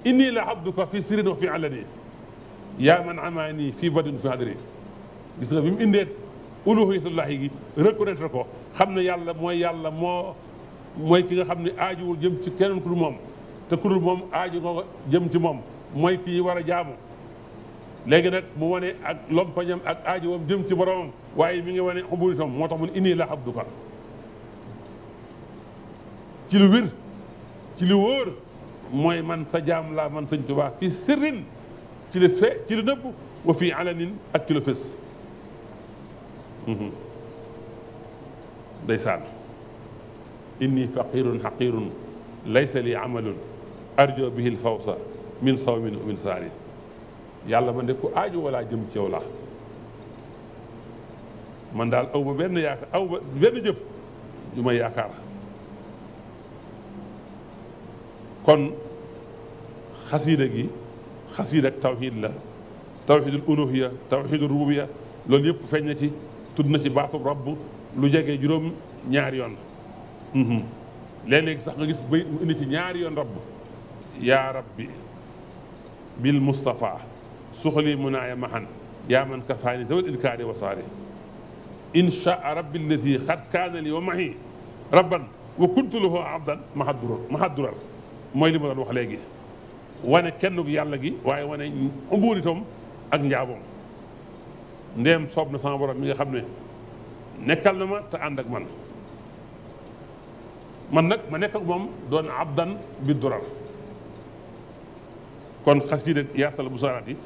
inni la abduka fi sirin wa fi alani yaa man amaani fii badin fi hadri gis nga bi mu indee uluhiyatullahi gi reconnaître ko xam ne yàlla mooy yàlla moo mooy ki nga xam ne aajuwul jëm ci keneen ku dul moom te ku dul moom aaju nga jëm ci moom mooy kii war a jaamu léegi nag mu wane ak lompañam ak aajoom jëm ci boromam waaye mi ngi wane xuburitam moo tax mun inni la abduka ci lu wér ci lu wóor mooy man sa jaam laa man sëñ Tuubaa fii sirrin ci lu fe ci lu nëbb wa fii alanin ak ci lu fës mhm. ndeysaan inni faqirun xaqirun li amalun arjo bi l fawsa min sawmin wa yàlla ma ne ku aaju walaa jëm la man daal aw ba benn yaakaar aw ba benn jëf ju ma yaakaar kon xasiida gi xasiida ak tawxiid la tawxiidul uluhiya tawxiidul rububiya loolu yëpp feeñ na ci tudd na ci baatu rabb lu jege juróom ñaari yoon mhm. léeg-léeg sax nga gis bay indi ci ñaari yoon rabb yaa rabbi bil Mustafa suxali munaaya mahan yaa man kafaani dawal idkaari wasaari inchaa rabbi alladi xad kaana li wa mahi rabban wa kuntu lahu abdan mahaddurar mahaddurar mooy li ma doon wax léegi wane kenn gu yàlla gi waaye wane mbuuritam ak njaaboom ndéem soob na sama borom mi nga xam ne nekkal na ma te ànd ak man man nag ma nekk ak moom doon abdan bi durar kon xas gi de yaasal bu saaraat yi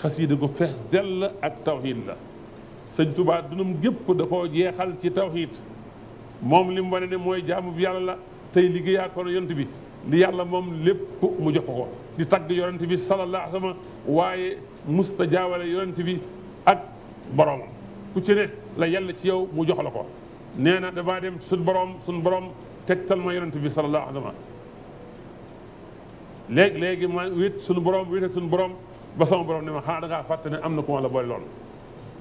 xasiida gu fees dell ak tawxiid la sëñ Tuubaa dunum gépp da koo jeexal ci tawxiid moom li mu wane ne mooy jaamu bi la tey liggéeyaa ko yonent bi li yàlla moom lépp mu jox ko di tagg yonent bi sallallahu alayhi wa waaye musta jaawale yonent bi ak boroomam ku ci ne la yàlla ci yow mu jox la ko nee na damaa dem suñ borom suñ borom tegtal ma yonent bi sallallahu alayhi wa sallam borom wéet ak borom ba sama borom ne ma xanaa da ngaa fàtte ne am na ko la boole lool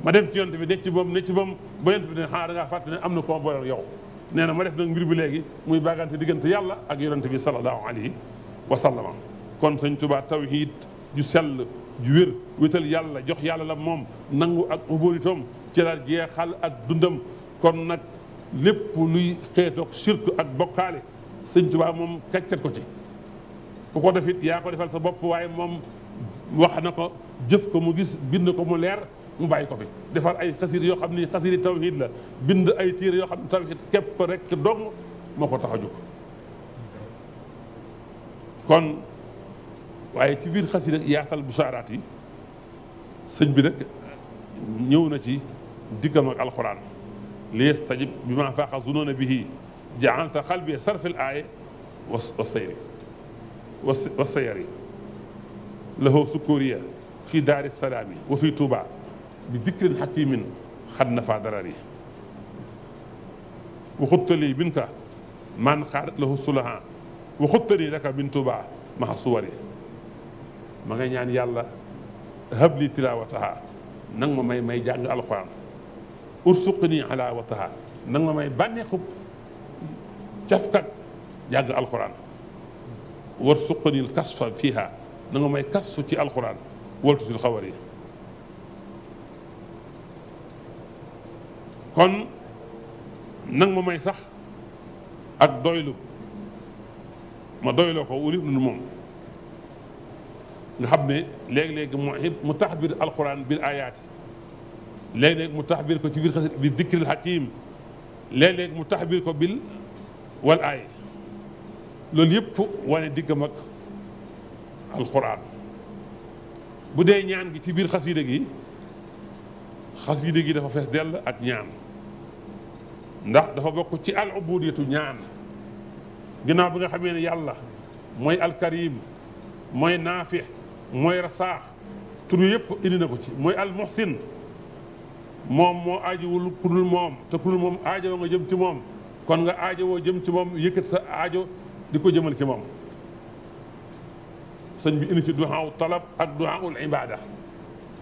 ma dem ci yonent bi ne ci boobu ne ci boobu ba yonent bi ne xanaa da ngaa fàtte ne am na ko boole yow nee na ma def nag mbir bi léegi muy baagante diggante yàlla ak yonent bi sallallahu alayhi wa sallama kon sëñ Tuubaa tawhid ju sell ju wér wétal yàlla jox yàlla la moom nangu ak ubóoritoom ci la jeexal ak dundam kon nag lépp luy xeetoog surtout ak bokkaale sëñ Tuubaa moom kaccat ko ci ku ko defit yaa ko defal sa bopp waaye moom wax na ko jëf ko mu gis bind ko mu leer mu bàyyi ko fi defar ay xasir yoo xam ni xasiri tawhid la bind ay tiir yoo xam ne tawhid képp rek dong moo ko taxa a kon waaye ci biir xasida yaatal busaaraat yi sëñ bi nag ñëw na ci diggam ak alxuraan lies tajib bi ma faaqa zunoona bihi xalbi sarfil aaye was was lahoo sukkooriya fii daari salaami wa fii Touba bi dikrin xakimin xad na faa darar yi waxuttalii bin ka man xaarat lahu sulaha waxuttalii laka bin Touba maxa suwari ma nga ñaan yàlla habli tilaawataha nang ma may may jàng alquran ursuqni alaawataha nang ma may bànneexub cafkak jàng alquran warsuqni lkasfa fiha na nga may kastu ci alquran waltusil xawar yi kon nang ma may sax ak doylu ma doyloo ko wulif lu moom nga xam ne léegi-léegi mu mu taxbir alquran bil ayaati léeg-léeg mu taxbir ko ci biir xasit bi dikril hakim léeg-léeg mu taxbir ko bil wal aay loolu yëpp wane diggam ak alquran bu dee ñaan gi ci biir xasida gi xasida gi dafa fees dell ak ñaan ndax dafa bokk ci al ubudiyatu ñaan ginnaaw bi nga xamee ne yàlla mooy alkarim mooy naafi mooy rasaax tur yëpp indi na ko ci mooy al muhsin moom moo aajowul ku dul moom te ku moom aajowoo nga jëm ci moom kon nga aajowoo jëm ci moom yëkkat sa aajo di ko jëmal ci moom sëñ bi indi ci duxaaw talab ak duxaawul ibaada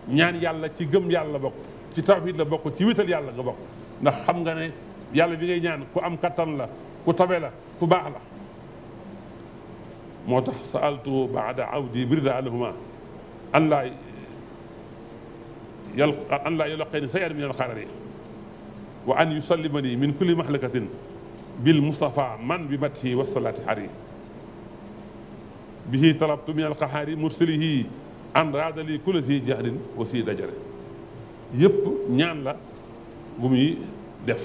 ñaan yàlla ci gëm yàlla bokk ci tawhid la bokk ci wital yàlla nga bokk ndax xam nga ne yàlla bi ngay ñaan ku am kattan la ku tabe la ku baax la moo tax saaltu baada awdi birda lahuma an laa yal an laa yulaqini sayan min alxarari wa an yusallimani min kulli mahlakatin bil mustafa man bi matihi wasalaati xari bihi talabtu min alqahaari mursalihi an raadali kula si jahrin wasi dajare yëpp ñaan la bu muy def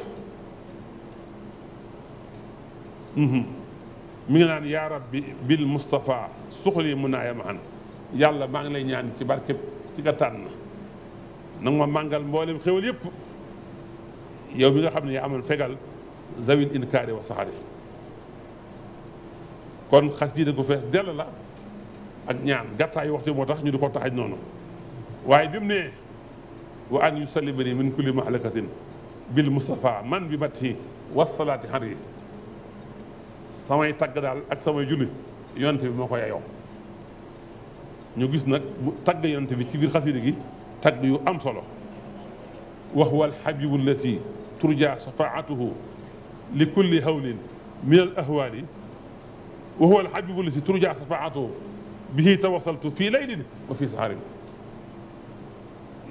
mhm. mi ngi naan yaa rabbi bil Moustapha suxali mun naa yamahan yàlla maa ngi lay ñaan ci barkeb ci nga tànn na nga ma màngal mboolem xéwal yëpp yow mi nga xam ne yaa amoon fegal zawil inkaari wa saxari kon xas ji da ko fees dell la ak ñaan gàttaayu waxtu moo tax ñu di ko taxaj noonu waaye bi mu nee wa an yusallimani min kulli mahlakatin bil Mustafa man bi matti wasalaati xar yi samay tagg daal ak samay julli yonte bi moo ko yeyoo ñu gis nag mu tagg yonte bi ci biir xasida gi tagg yu am solo wa huwa alxabibu allati turja shafaatuhu li kulli hawlin min al ahwaali wa huwa alhabibu lladi turja safaatuhu bihi tawasaltu fii laylin wa fii saharin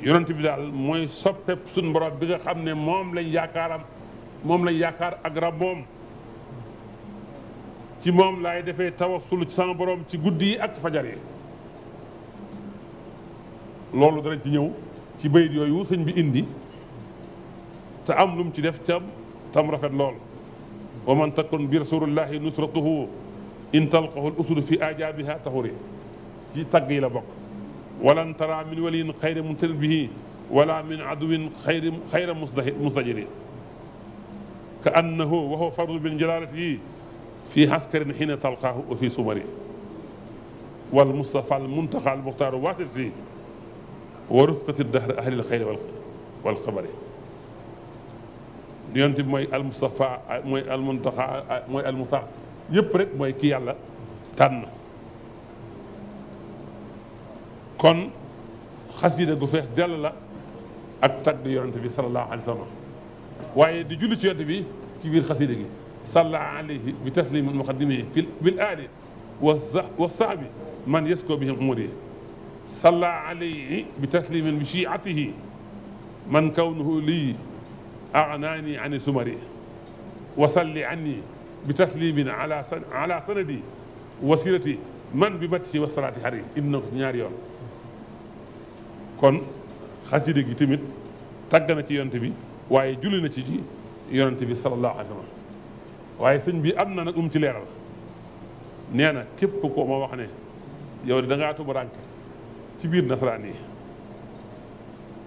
yonent bi daal mooy soppeeb suñ borom bi nga xam ne moom lañ yaakaaram moom lañ yaakaar ak raboom ci moom laay defee tawassul ci sama borom ci guddi yi ak ci fajar yi loolu danañ ci ñëw ci bayit yooyu sëñ bi indi te am lu mu ci def tam tam rafet lool wa man takun bi rasulillahi nusratuhu in talqahu usulu fi ajaabiha taxuri ci tagg yi la bokk walan tara min waliyin xayra muntarid bihi wala min aduwin xayri xayra mustajiri ka annahu wa huwa fardu bin jalalati fi askarin xiina talqaahu wa fi sumari wal mustafa al muntaqa al muxtaaru waasiti wa rufqati dahri ahlil xayri wal xabari yonent bi mooy al mustafa mooy al muntaqa mooy al muxtaar yëpp rek mooy ki yàlla tànn kon xasida gu fees dell la ak tagg yonent bi sallallahu alayhi wa sallam waaye di julli ci yonent bi ci biir xasida gi salla alayhi bi taslimin muqaddimihi fi bil aali wa sahbi man yasko bihim umuri salla alayhi bi taslimin bi shiatihi man kawnuhu lii agnaani ani sumari wa salli anni bi taslimin ala ala sanadi wasirati man bi matti ci wasalaati xar yi indi na ko ñaari yoon kon xasida gi tamit tàgg na ci yonent bi waaye julli na ci ci yonent bi sallallahu alayhi waaye sëñ bi am na nag um ci leeral nee na képp koo ma wax ne yow de da ci biir nasaraan yi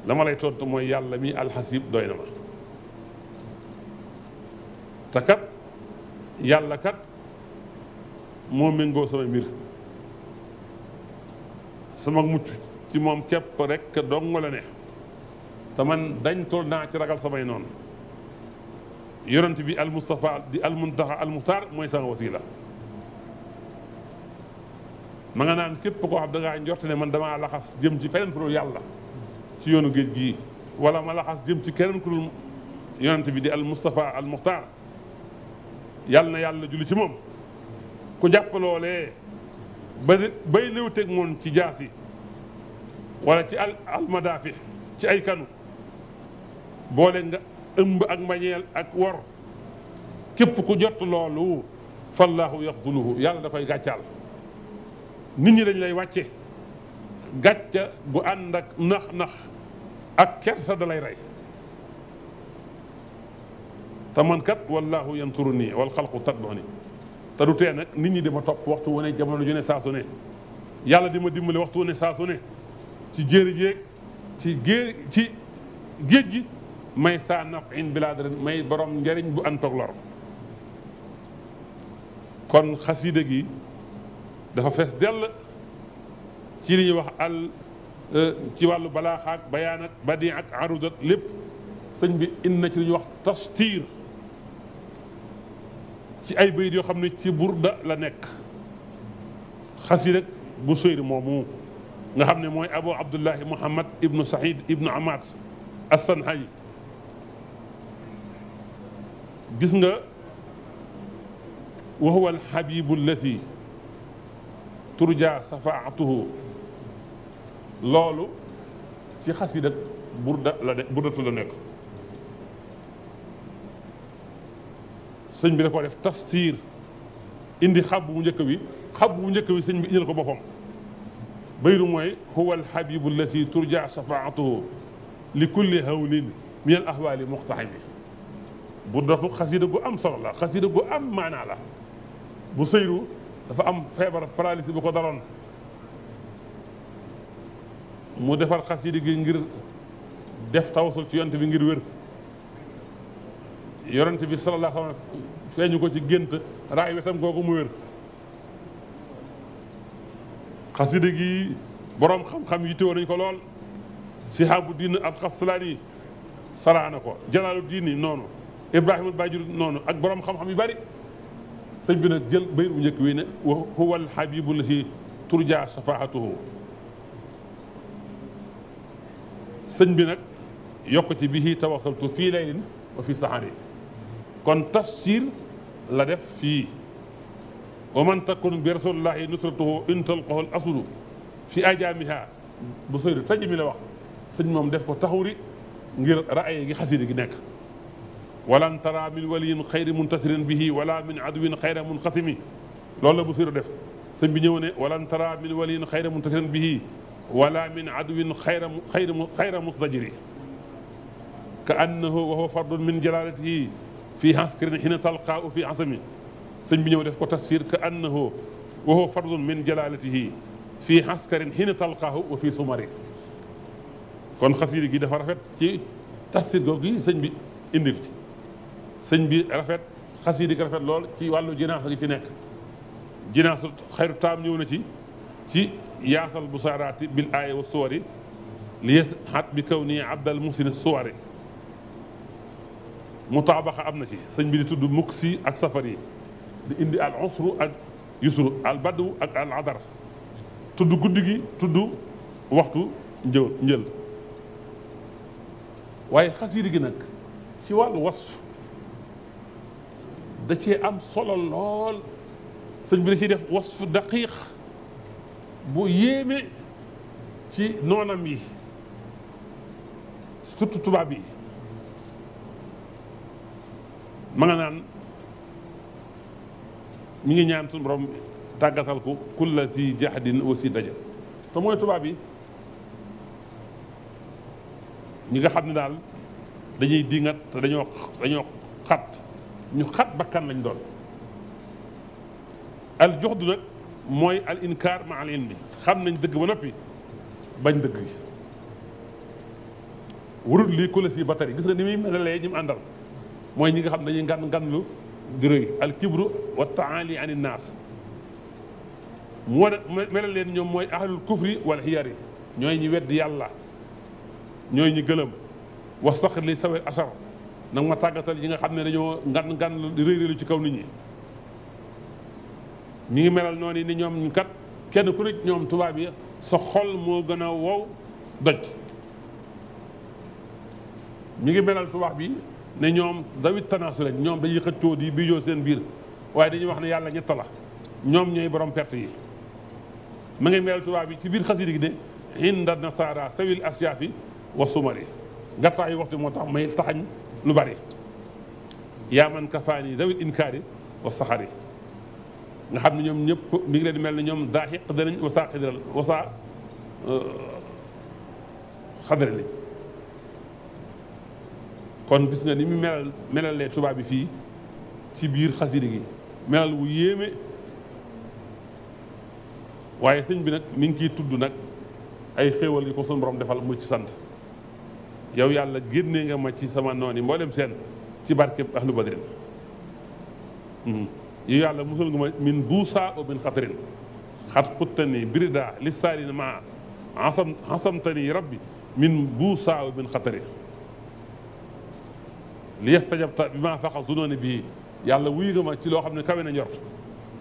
la ma lay tontu mooy yàlla mi alxasib doy na ma te yàlla kat moo méngoo sama mbir sama mucc ci moom képp rek dong la ne te man dañ toll naa ci ragal samay noon yonent bi al Mustafa di al Muntaxa al Muxtaar mooy sama wasila ma nga naan képp koo xam da ngaa ne man damaa laxas jëm ci feneen ku dul yàlla ci yoonu géej gii wala ma laxas jëm ci keneen ku dul yonent bi di al Mustafa al Muxtaar yàlla na yàlla julli ci moom ku jàpp loolee ba bay léew teg moom ci jaas yi wala ci al almadaafi ci ay kanu boole nga ëmb ak mbañeel ak wor képp ku jot loolu fallaahu yaxduluhu yàlla da koy gàccaal nit ñi dañ lay wàcce gàcca gu ànd ak nax-nax ak kersa da lay rey te man kat wallaahu yanturu nii wal xalqu tatlu nii te du tee nag nit ñi di ma topp waxtu wane ne jamono ju ne saa yàlla di ma dimbale waxtu wu ne ne ci jéeri jéeg ci géej ci géej gi may saa naf in bilaadarin may borom njariñ bu antoog lor kon xasiida gi dafa fees dell ci li ñuy wax al e, ci wàllu balaaxa ak arudat lépp sëñ bi indi na ci li ñuy wax tastiir ci ay bayit yoo xam ne ci burda la nekk xasida bu seyri moomu nga xam ne mooy abou abdullahi mouhamad ibnu sahid ibnu amat assanhayi gis nga wa huwa alxabibu allati turja safaatuhu loolu ci xasida burda la de burdatu la nekk sëñ bi da ko def tastiir indi xab bu njëkk bi xab bu njëkk bi sëñ bi indil ko boppam bayru mooy huwa alxabibu allati turja safaatuhu li kulli hawnin min al ahwali muxtaxibi bu dafu xasida gu am solo la xasida gu am maanaa la bu sëyru dafa am feebar paralysie bu ko daroon mu defar xasida gi ngir def tawasul ci yonte bi ngir wér yonent bi sallallahu alayhi wa sallam feeñu ko ci gént raay wetam kooku mu wér xasida gi boroom xam-xam yi téwoon nañ ko lool sihaabu diin alxastalaani yi saraa na ko jalaalu diin yi noonu ibrahima bajur noonu ak boroom xam-xam yu bari sëñ bi nag jël bayit bu njëkk wi ne wa huwa alxabibu lahi turja safaatuhu sëñ bi nag yokk ci bihi tawasaltu fii laylin wa fii saxaari kon tafsir la def fii wa man takun bi rasulillahi nusratuhu in talqahu asudu fi ajaamiha bu sori taj mi la wax sëñ moom def ko taxawri ngir ra'aye gi xasida gi nekk walan tara min waliyin xayri muntasirin bihi wala min aduwin xayra munqasimi loolu la bu sori def sëñ bi ñëw ne walan tara min waliyin xayra muntasirin bihi wala min aduwin xayra xayra xayra mustajiri ka annahu wa huwa fardun min jalalatihi fii askarin hina talqaahu fii asami sëñ bi ñëw def ko tafsir ka annahu wa huwa fardun min jalalatihi fii askarin hina talqaahu wa fii sumari kon xasida gi dafa rafet ci tafsir googu yi sëñ bi indil ci sëñ bi rafet xasida gi rafet lool ci wàllu jinaasa gi ci nekk jinaasu xayru taam ñëw na ci ci yaasal bu saaraati bil aaya wa suwari li yasxat bi kaw nii abdal muhsin suwari mutaabaxa am na ci sëñ bi di tudd muksi ak safari di indi al usru ak yusru al badu ak al adar tudd guddi gi tudd waxtu njëw njël waaye xasiir gi nag ci wàllu was da ci am solo lool sëñ bi da ciy def wasf daqiq bu yéeme ci noonam yi surtout tubaab yi ma nga naan mu ngi ñaan suñu borom tàggatal ko kulla si jaxdin aussi daja te mooy tubaab yi ñu nga xam ne daal dañuy dingat te dañoo dañoo xat ñu xat bakkan lañ doon al joxdu nag mooy al inkaar ma al ilmi xam nañ dëgg ba noppi bañ dëgg gi warul lii kulla si batari gis nga ni muy melalee àndal mooy ñi nga xam ne ngan ngan lu di rëy al kibru wa taali ani naas moo melal leen ñoom mooy ahlul kufri wal xiyari ñooy ñi wedd yàlla ñooy ñi gëlëm wa sax li asar nag ma tàggatal yi nga xam ne dañoo ngan ngan di rëy rëylu ci kaw nit ñi ñi ngi melal noonu ni ñoom kat kenn ku nekk ñoom tubaab yi sa xol moo gën a wow doj mi ngi melal tubaab bi ne ñoom dawit tanaasu lañ ñoom dañuy xëccoo di bijoo seen biir waaye dañuy wax ne yàlla ñett la ñoom ñooy borom perte yi ma mel tubaab bi ci biir xasida gi de inda nasaara sawil asiyaafi wa sumari gattaayu waxtu moo tax may taxañ lu bari yaa man kafaani dawil inkaari wa saxari nga xam ne ñoom ñëpp mi ngi leen mel ne ñoom daa xiq danañ wasaa kon gis nga ni mu melal melalee tubaab bi fii ci biir xasida gi melal wu yéeme waaye sëñ bi nag mi ngi kiy tudd nag ay xéewal yi ko sun defal mu ci sant yow yàlla génnee nga ma ci sama noon yi mboolem seen ci barkeb ahlu badrin hmm. yow yàlla musul nga ma min buusa o min xatarin xat xuttani birida li saalin ma asam xasamtani rabbi min buusa o min xatarin li yastajab bi maa faqa zunooni bii yàlla wuyu nga ma ci loo xam ne kawe na njort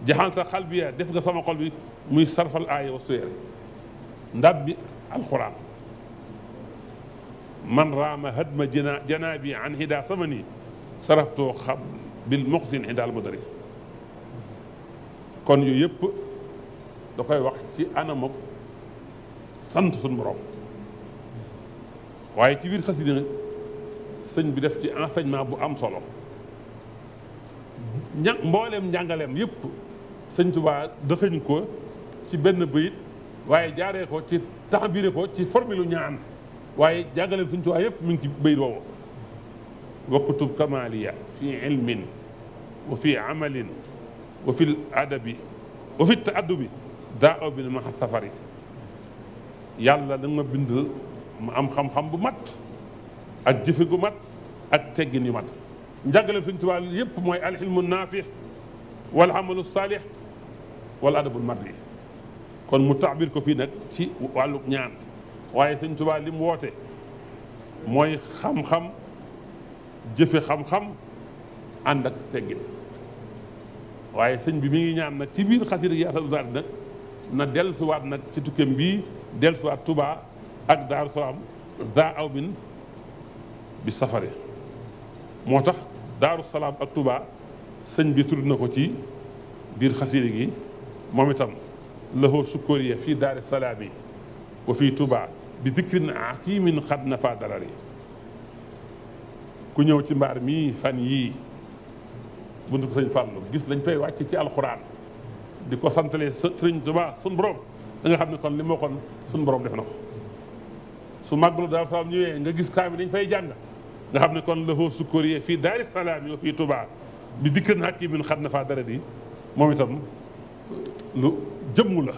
jaxanta xal bi def nga sama xol bi muy sarfal aaya wa suyar ndab bi alquran man raama hadma jana janaabi an hida sama nii saraftoo xam bil muxsin hidaal mudari kon yooyu yëpp da koy wax ci anamog sant suñu borom waaye ci biir xasida nag sëñ bi def ci enseignement bu am solo ña mbooleem njàngaleem yëpp sëñ Tuubaa dëxëñ ko ci benn bayit waaye jaaree ko ci taxabire ko ci formule ñaan waaye jàngaleem sëñ Tuubaa yëpp mi ngi ci bayit woowu waktub kamaliya fi ilmin wa fi amalin wa fi adabi wa fi taaddubi bi ne ma safari yàlla da nga ma am xam-xam bu mat ak jëfe gu mat ak teggin yu mat njàngale Sëriñ Tuubaa yëpp mooy alxilmu naafix wal amalu saalix wal mat mardi kon mu taabir ko fii nag ci wàllu ñaan waaye Sëriñ Tuubaa li woote mooy xam-xam jëfe xam-xam teggin waaye sëñ bi mi ngi ñaan ci biir xasida Yaatal Madaarij na dellusiwaat nag ci tukkeem bii dellusiwaat Touba ak Daaru Salaam daa aw bin bi safare moo tax daaru salaam ak tubaa sëñ bi tudd na ko ci biir xasida gi moom itam lahoo sukkooriya fii daari salaam yi wa fii tubaa bi dikrin aqimin xad na faa darar yi ku ñëw ci mbaar mii fan yii buntu ko sëñ lu gis lañ fay wàcc ci alxuraan di ko santalee sëriñ Tuubaa suñ borom da nga xam ne kon li moo kon suñ borom def na ko su màggalu daal fa ñëwee nga gis kaamil dañ fay jàng nga xam ne kon lahoo sukkorie fii daari salaam yoo fii tubaa bi dikkan hakimin xam na faa dara di moom itam lu jëmm la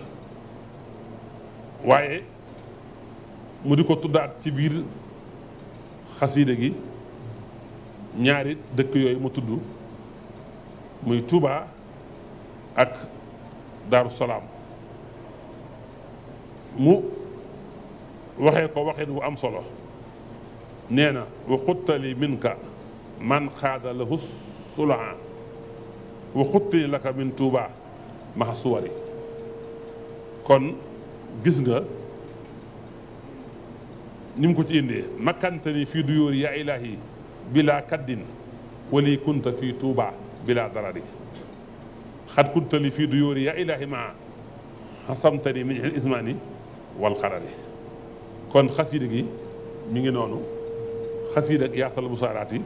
waaye mu di ko tuddaat ci biir xasiide gi ñaari dëkk yooyu mu tudd muy Touba ak Daaru Salaam mu waxee ko waxin bu am solo nee na wa xuttali minka man xaada lahu sulaa wa xuttali laka min tuubaa maxa suwari kon gis nga ni mu ko ci indee makkantani fii duyóori yaa ilaahi bila kaddin wali kunta fii tuubaa bila darari xad kuntali fii duyóori yaa ilaahi maa xasamtani min ismaani wal xarari kon xasida gi mi ngi noonu xasiida ak yaatal bu saaraat yi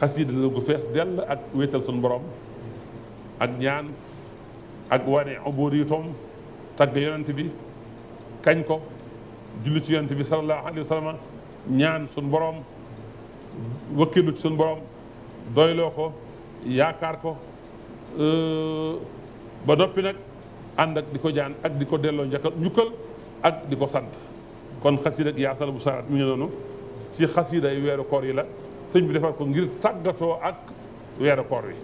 xasiida la gu fees dell ak wéetal suñu boroom ak ñaan ak wane ubóor yi toom bi kañ ko julli ci yonent bi sallallahu alayhi wa sallam ñaan suñu borom wakkilu ci suñu doyloo ko yaakaar ko euh, ba noppi nag ànd ak di ko jaan ak di ko delloo njakkal ñukkal ak di ko sant kon xasiida ak yaatal bu saaraat noonu ci xasida yi weeru koor yi la sëñ bi defar ko ngir tàggatoo ak weeru koor wi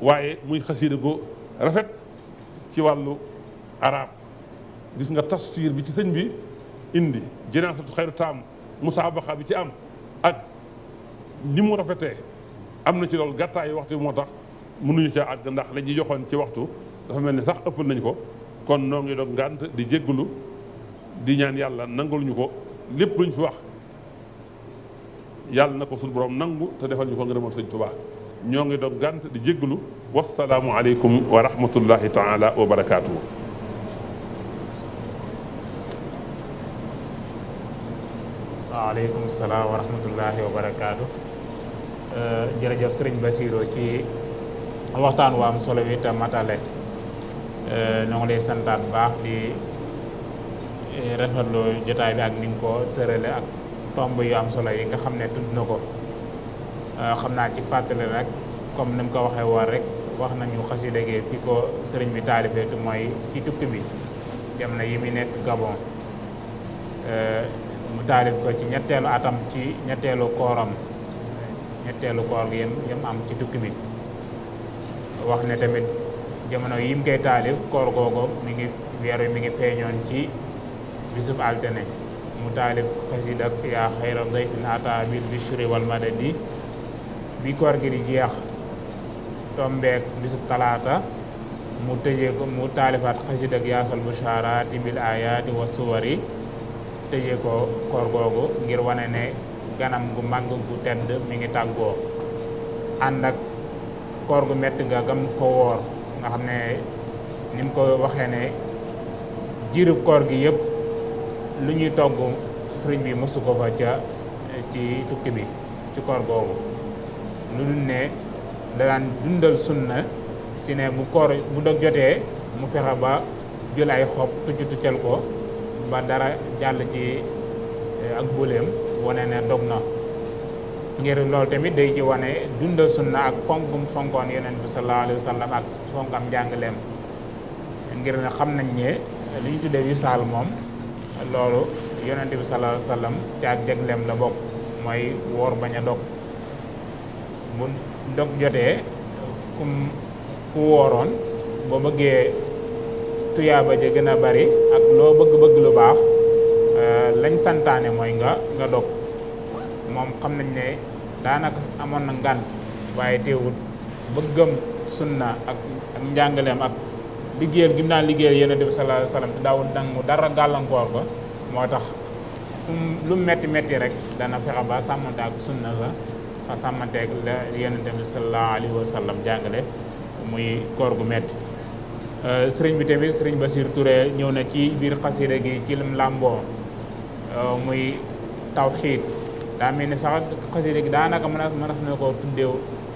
waaye muy xasida gu rafet ci wàllu arab gis nga tastir bi ci sëñ bi indi jinaasatu xayru taam musaabaxa bi ci am ak ni mu rafetee am na ci loolu gàttaay waxtu moo tax mënuñu ca àgg ndax la ñuy ci waxtu dafa mel ni sax ëppal nañ ko kon noo ngi doog ngànt di jégglu di ñaan yàlla nangul ko lépp luñ fi wax yàlla na ko suñu borom nangu te defal ñu ko ngërëmal sëñ Tuubaa ñoo ngi dog gant di jéggalu wasalaamu aleykum wa rahmatullahi taala wa barakaatuhu waaleykum salaam wa rahmatullahi wa barakaatu eh, jërëjëf sëriñ Basiro ci waxtaan waa solo wi te matale eh, ñoo lay santaat baax di eh, rafetlu jotaay bi ak ni ko tërale tomb yu am solo yi nga xam ne tudd na ko euh, xam naa ci fàttali rek comme ni mu ko waxee woon rek wax nañu xasida gi fi ko sëriñ bi taalifee tu mooy ci tukki bi dem na yi mu nekk euh, mu taalif ko ci ñetteelu atam ci ñetteelu kooram ñetteelu koor gi am ci tukki bi wax ne tamit jamono yi mu koy taalif koor googu ngi weer wi mi ngi feeñoon ci bisub altine mu taalif xasid ak yaa xayra dayfin ata bil bishri wal madadi bi koor gi di jeex tombeek bisub talaata mu tëjee ko mu taalifaat xasid ak yaasal bushaaraati bil ayaati wa suwari tëjee ko koor googu ngir wane ne ganam gu màgg gu tedd mi ngi tàggoo ànd ak koor gu metti nga gam ko woor nga xam ne ni mu ko waxee ne jiru koor gi yëpp lu ñuy togg sëriñ bi mosu ko fa ca eh, ci tukki bi ci koor googu lu dul ne danaan dundal sunna si ne bu koor bu dog jotee mu fexe ba jël ay xob tucc tuccal ko ba dara jàll ci eh, ak buleem wane ne dog na ngir loolu tamit day ci wane dundal sunna ak bi sallallahu alayhi wa ak fonkam jàngaleem ngir ne xam nañ ne li ñu tuddee wisaal moom loolu yonent bi sallallahu alayhi wa sallam ci ak la bokk mooy woor bañ a dog bu dog jotee ku wooroon boo bëggee tuyaaba ja gën bari ak loo bëgg-bëgg lu baax euh, lañ santaane mooy nga nga dog moom xam nañ ne daanaka amoon na ngànt waaye teewut bëggam sunna ak ak njàngaleem ak liggéeyal gi mu daan liggéeyal yonent bi sallallahu wa sallam te daawul nangu dara gàllankoor ko moo tax lu metti metti rek dana fexe ba sàmmante ak sunna sa sàmmante ak la yonente bi sallallahu alayhi wa sallam jàngale muy koor gu metti euh, sëriñ bi tamit sëriñ Basiir Touré ñëw na ci biir xasida gi ci lim làmboo euh, muy tawxiid daa mel ni sax gi daanaka mën a mën na ko tuddeew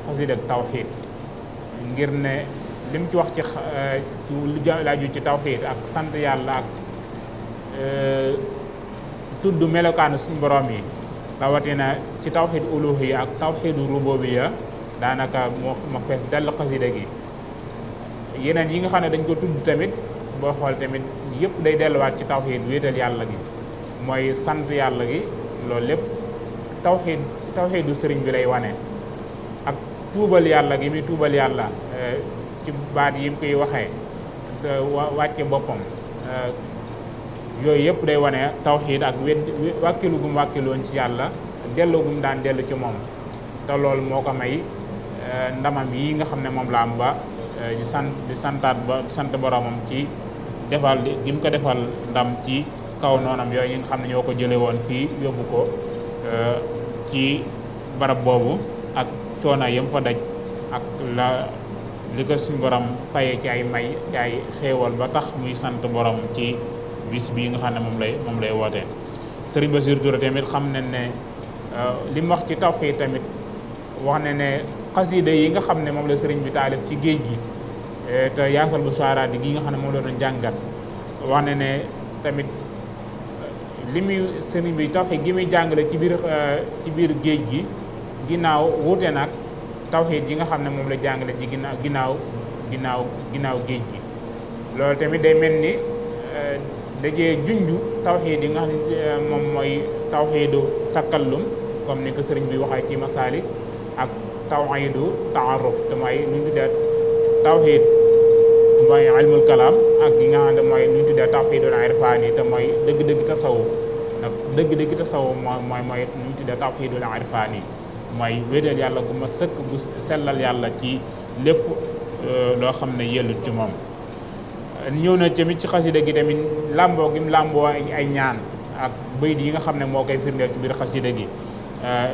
xasida ak tawxiid ngir ne lim ci wax ci euh, lu laaju ci tawxiid ak sant yàlla ak Euh, tudd melokaanu suñu borom yi rawatina ci tawxid uluhiya ak tawxidu rububiya daanaka moo ma fees dal xasida gi yeneen yi nga xam ne dañ ko tudd tamit boo xool tamit yëpp day delluwaat ci tawxid wéetal yàlla gi mooy sant yàlla gi loolu lépp tawxid tawxidu sëriñ bi lay wane ak tuubal yàlla gi muy tuubal yàlla euh, ci baat yi mu koy waxee wàcce boppam euh, yooyu yëpp day wane tawxiid ak wet wàkkilu gum wàkkiloon ci yàlla delloogum daan dellu ci moom te lool moo ko may eh, ndamam yi nga xam ne moom la am ba eh, di sant di santaat ba sant boromam ci defal gi mu ko defal ndam ci kaw noonam yooyu nga xam ne ñoo ko jële woon fii yóbbu ko eh, ci barab boobu ak coona yam fa daj ak la li ko suñu borom fayee ci ay may ci ay ba tax muy sant borom ci bis bii nga xam ne moom lay moom lay wootee Serigne Bassirou Touré tamit xam ne ne euh, li mu wax ci taw yi tamit wax ne ne xasida yi nga xam ne moom lay Serigne bi taalif ci géej gi euh, te yaasal bu saaraat gi nga xam ne moom la doon jàngat wax ne ne tamit euh, li muy Serigne bi taw gi muy jàngale ci biir ci biir géej gi ginnaaw wuute nag tawxiid yi nga xam ne moom la jàngale ci ginnaaw ginnaaw ginnaaw ginnaaw géej gi loolu tamit day mel ni dajee junju tawxiid yi nga xam ne eh, moom mooy tawxiidu takallum comme ni ko sëriñ bi waxee ci masaalik ak tawxiidu taaruf te mooy lu ñu tuddee tawxiid mooy ilmul kalaam ak yi nga xam ne mooy lu ñu tuddee tawxiidul irfaan yi te mooy dëgg-dëgg tasawuf ndax dëgg-dëgg tasawuf mooy mooy mooy lu ñu tuddee tawxiidul irfaan yi mooy wéetal yàlla gu ma sëkk bu sellal yàlla ci lépp eh, loo xam ne yellut ci moom ñëw na tamit ci xasida gi tamit làmboo gim làmboo ay ñaan ak bayit yi nga xam ne moo koy firndeel ci biir xasida gi euh,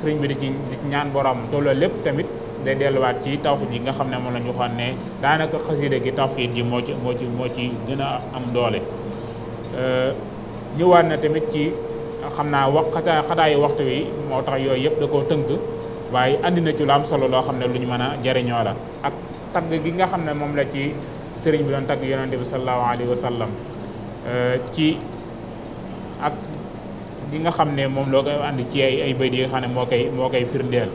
sëriñ bi di ci di ci ñaan borom tolloo lépp tamit day delluwaat ci tawxiid ji nga xam ne moom la ñu waxoon ne daanaka xasida gi tawxiid ji moo ci moo ci moo ci gën a am doole euh, ñëwaat na tamit ci xam naa wax xataa xataayu waxtu wi moo tax yooyu yëpp da koo tënk waaye andi na ci lu am solo loo xam ne lu ñu mën a jariñoo la ak tagg gi nga xam ne moom la ci sëriñ bi doon tagg yonante bi sallallahu alayhi wa sallam euh, ci ak li nga xam ne moom loo ko ànd ci ay ay bayt yi xam ne moo koy moo koy firndeel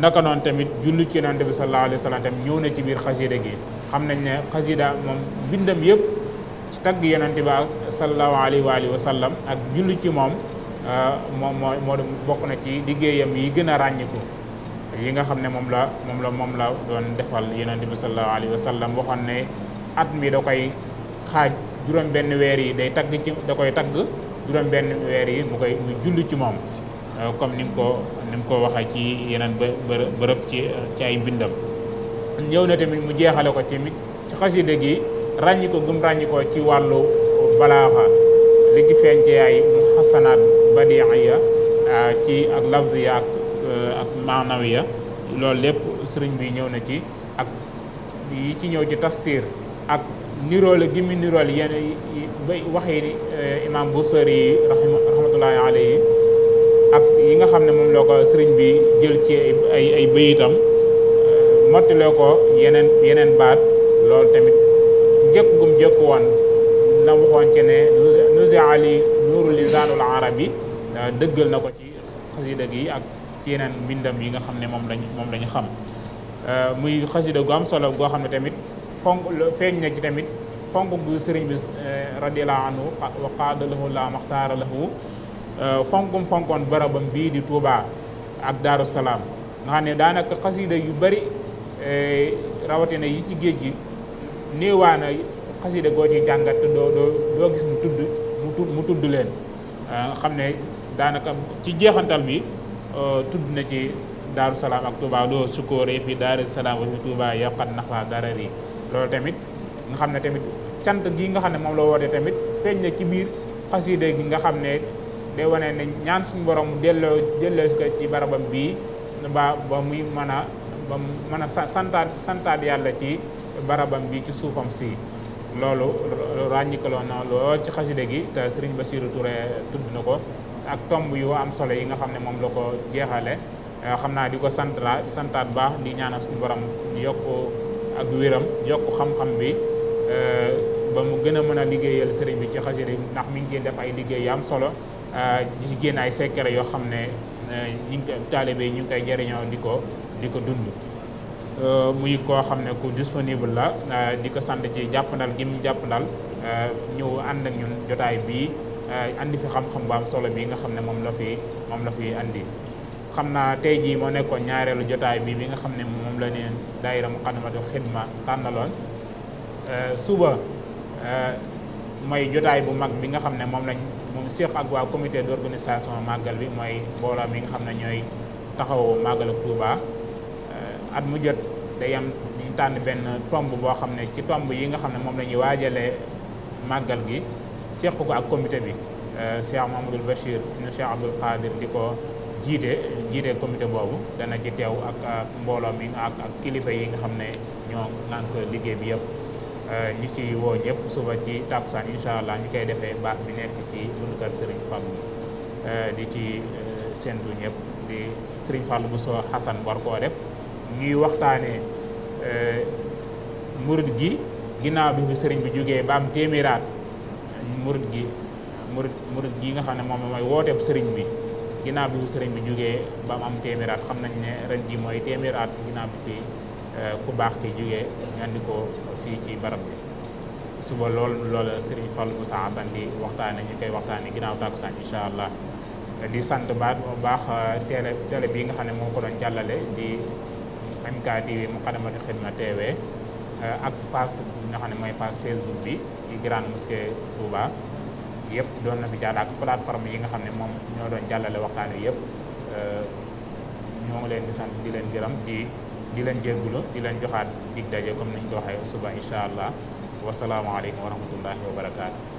naka noonu tamit jullu ci yonante bi sallallahu alayhi wa sallam tamit ñëw na ci biir xasida gi xam nañ ne xasida moom bindam yëpp ci tagg yonante bi ak sallallahu alayhi wa sallam ak jullu ci moom euh, moom moo moo bokk na ci liggéeyam yi gën a ràññiku yi nga xam ne moom la moom la moom la doon defal de bi sallallahu alayhi wa boo xam ne at mi da koy xaaj juróom benn weer yi day tagg ci da koy tagg juróom benn weer yi mu koy mu ci moom euh, comme ni ko ni mu ko waxee ci yeneen bërëb ci ci ay mbindam ñëw na tamit mu jeexale ko ci ci xasida gi ràññi ko gum ràññi ci wàllu balaaxa li ci feeñ ci ay mu xasanaat badiya euh, ci ak lafziya ak maanawiya loolu lépp sëriñ bi ñëw na ci ak yi ci ñëw ci tastir ak niroole gi mu niroole yenn ba waxi eh, imaam Busiri yi rahmatullahi alayhi ak yi nga xam ne moom loo ko sëriñ bi jël ci ay ay bëyitam eh, mottilee ko yeneen yeneen baat loolu tamit jëkk gum jëkk woon na waxoon ci ne nuzi ali nuuru lisaanul arabi dëggal na ko ci xasida gi ak ci yeneen mbindam yi nga xam ne moom lañ moom la ñu xam euh, muy xasida gu am solo goo xam ne tamit fonk feeñ na ci tamit fonk bu sëriñ bi euh, radiallahu anhu wa qaadalahu la euh, fonkum fonkoon barabam bii di Touba ak Daaru Salaam nga xam ne daanaka xasida yu bari rawatina yi ci géej gi néewaana xasida goo ci jàngat doo gis tudd mu tudd leen xam ne daanaka ci jeexantal bi Euh, tudd na ci daaru salaam ak Touba doo sukkooree fi daaru salaam wa fi Touba yaqat naxwa darar yi loolu tamit nga xam ne tamit cant gi nga xam ne moom la woote tamit feeñ na ci biir xasida gi nga xam ne day wane ne ñaan suñu borom delloo delloo ko ci barabam bii ba ba muy mën a ba mën a santaat ci barabam bi ci suufam si loolu ràññikaloo na lool ci xasida gi te Serigne Bassirou Touré tudd na ko ak tomb yu am solo yi nga xam ne moom la ko jeexale euh, xam naa di ko sant la santaat baax di ñaanal suñu borom yokk ak wéram yokk xam-xam bi euh, ba mu gën a mën a liggéeyal sëriñ bi ci xasida ndax mi ngi def ay liggéey am solo euh, di ay secret yoo xam ne ñu ngi koy taalibe ñu ngi koy jëriñoo di ko di ko dund. muy koo xam ne ku disponible la di ko sant ci jàpp jàppandal gi mu jàppandal ñëw ànd ak ñun jotaay bii. andi fi xam-xam bu solo bii nga xam ne moom la fi moom la fi andi xam naa tey jii moo nekkoon ñaareelu jotaay bii bi nga xam ne moom la neen daayira Muqaddamatul Xidma tànnaloon suba mooy jotaay bu mag bi nga xam ne moom lañ moom séq ak waa comité d'organisation màggal bi mooy mbooloo mi nga xam ne ñooy taxawu màggalu baax at mu jot day tànn benn tomb boo xam ne ci tomb yi nga xam ne moom lañuy waajale màggal gi seq ko ak comité bi euh, Cheikh Mahamadul Bachir na Cheikh Abdoul Qadir di ko jiite jiite comité boobu dana ci teew ak ak mbooloo mi ak ak kilifa yi nga xam ne ñoo naan ko liggéey bi yëpp euh, ñu ci woo ñëpp suba ci tàkkusaan incha allah ñu koy defee baas bi nekk ci buntu kër Serigne Fallou euh, di ci séntu ñëpp di Serigne Fallou bu soo Xasan war koo def ñuy waxtaanee murid gi ginnaaw bi fi Serigne bi jógee ba am téeméeraat murit gi murit murit gi nga xam ne moom mooy wooteeb sëriñ bi ginnaaw bi sëriñ bi jógee ba am téeméer at xam nañ ne ren ji mooy téeméer at ginnaaw bi fii eh, ku baax ki jógee ñu andi ko fii ci barab bi lool loola sëriñ Fallou Moussa Assane di ñu koy waxtaane ginnaaw tàkkusaan allah di sant baat bu baax eh, télé télé bii nga xam ne moo ko doon jàllale di MK TV Moukhaddamatoul Khidma TV eh, ak pass nga ne mooy page Facebook bi ci grand Mosquée Touba yëpp doon na fi jàll ak plateforme yi nga xam ne moom ñoo doon jàllale waxtaan wi yëpp euh, ñoo ngi leen di sant di leen gërëm di di leen jéggulu di leen joxaat dig daje comme nañ ko waxee suba incha allah wasalaamualeykum wa rahmatullahi wa barakaatu.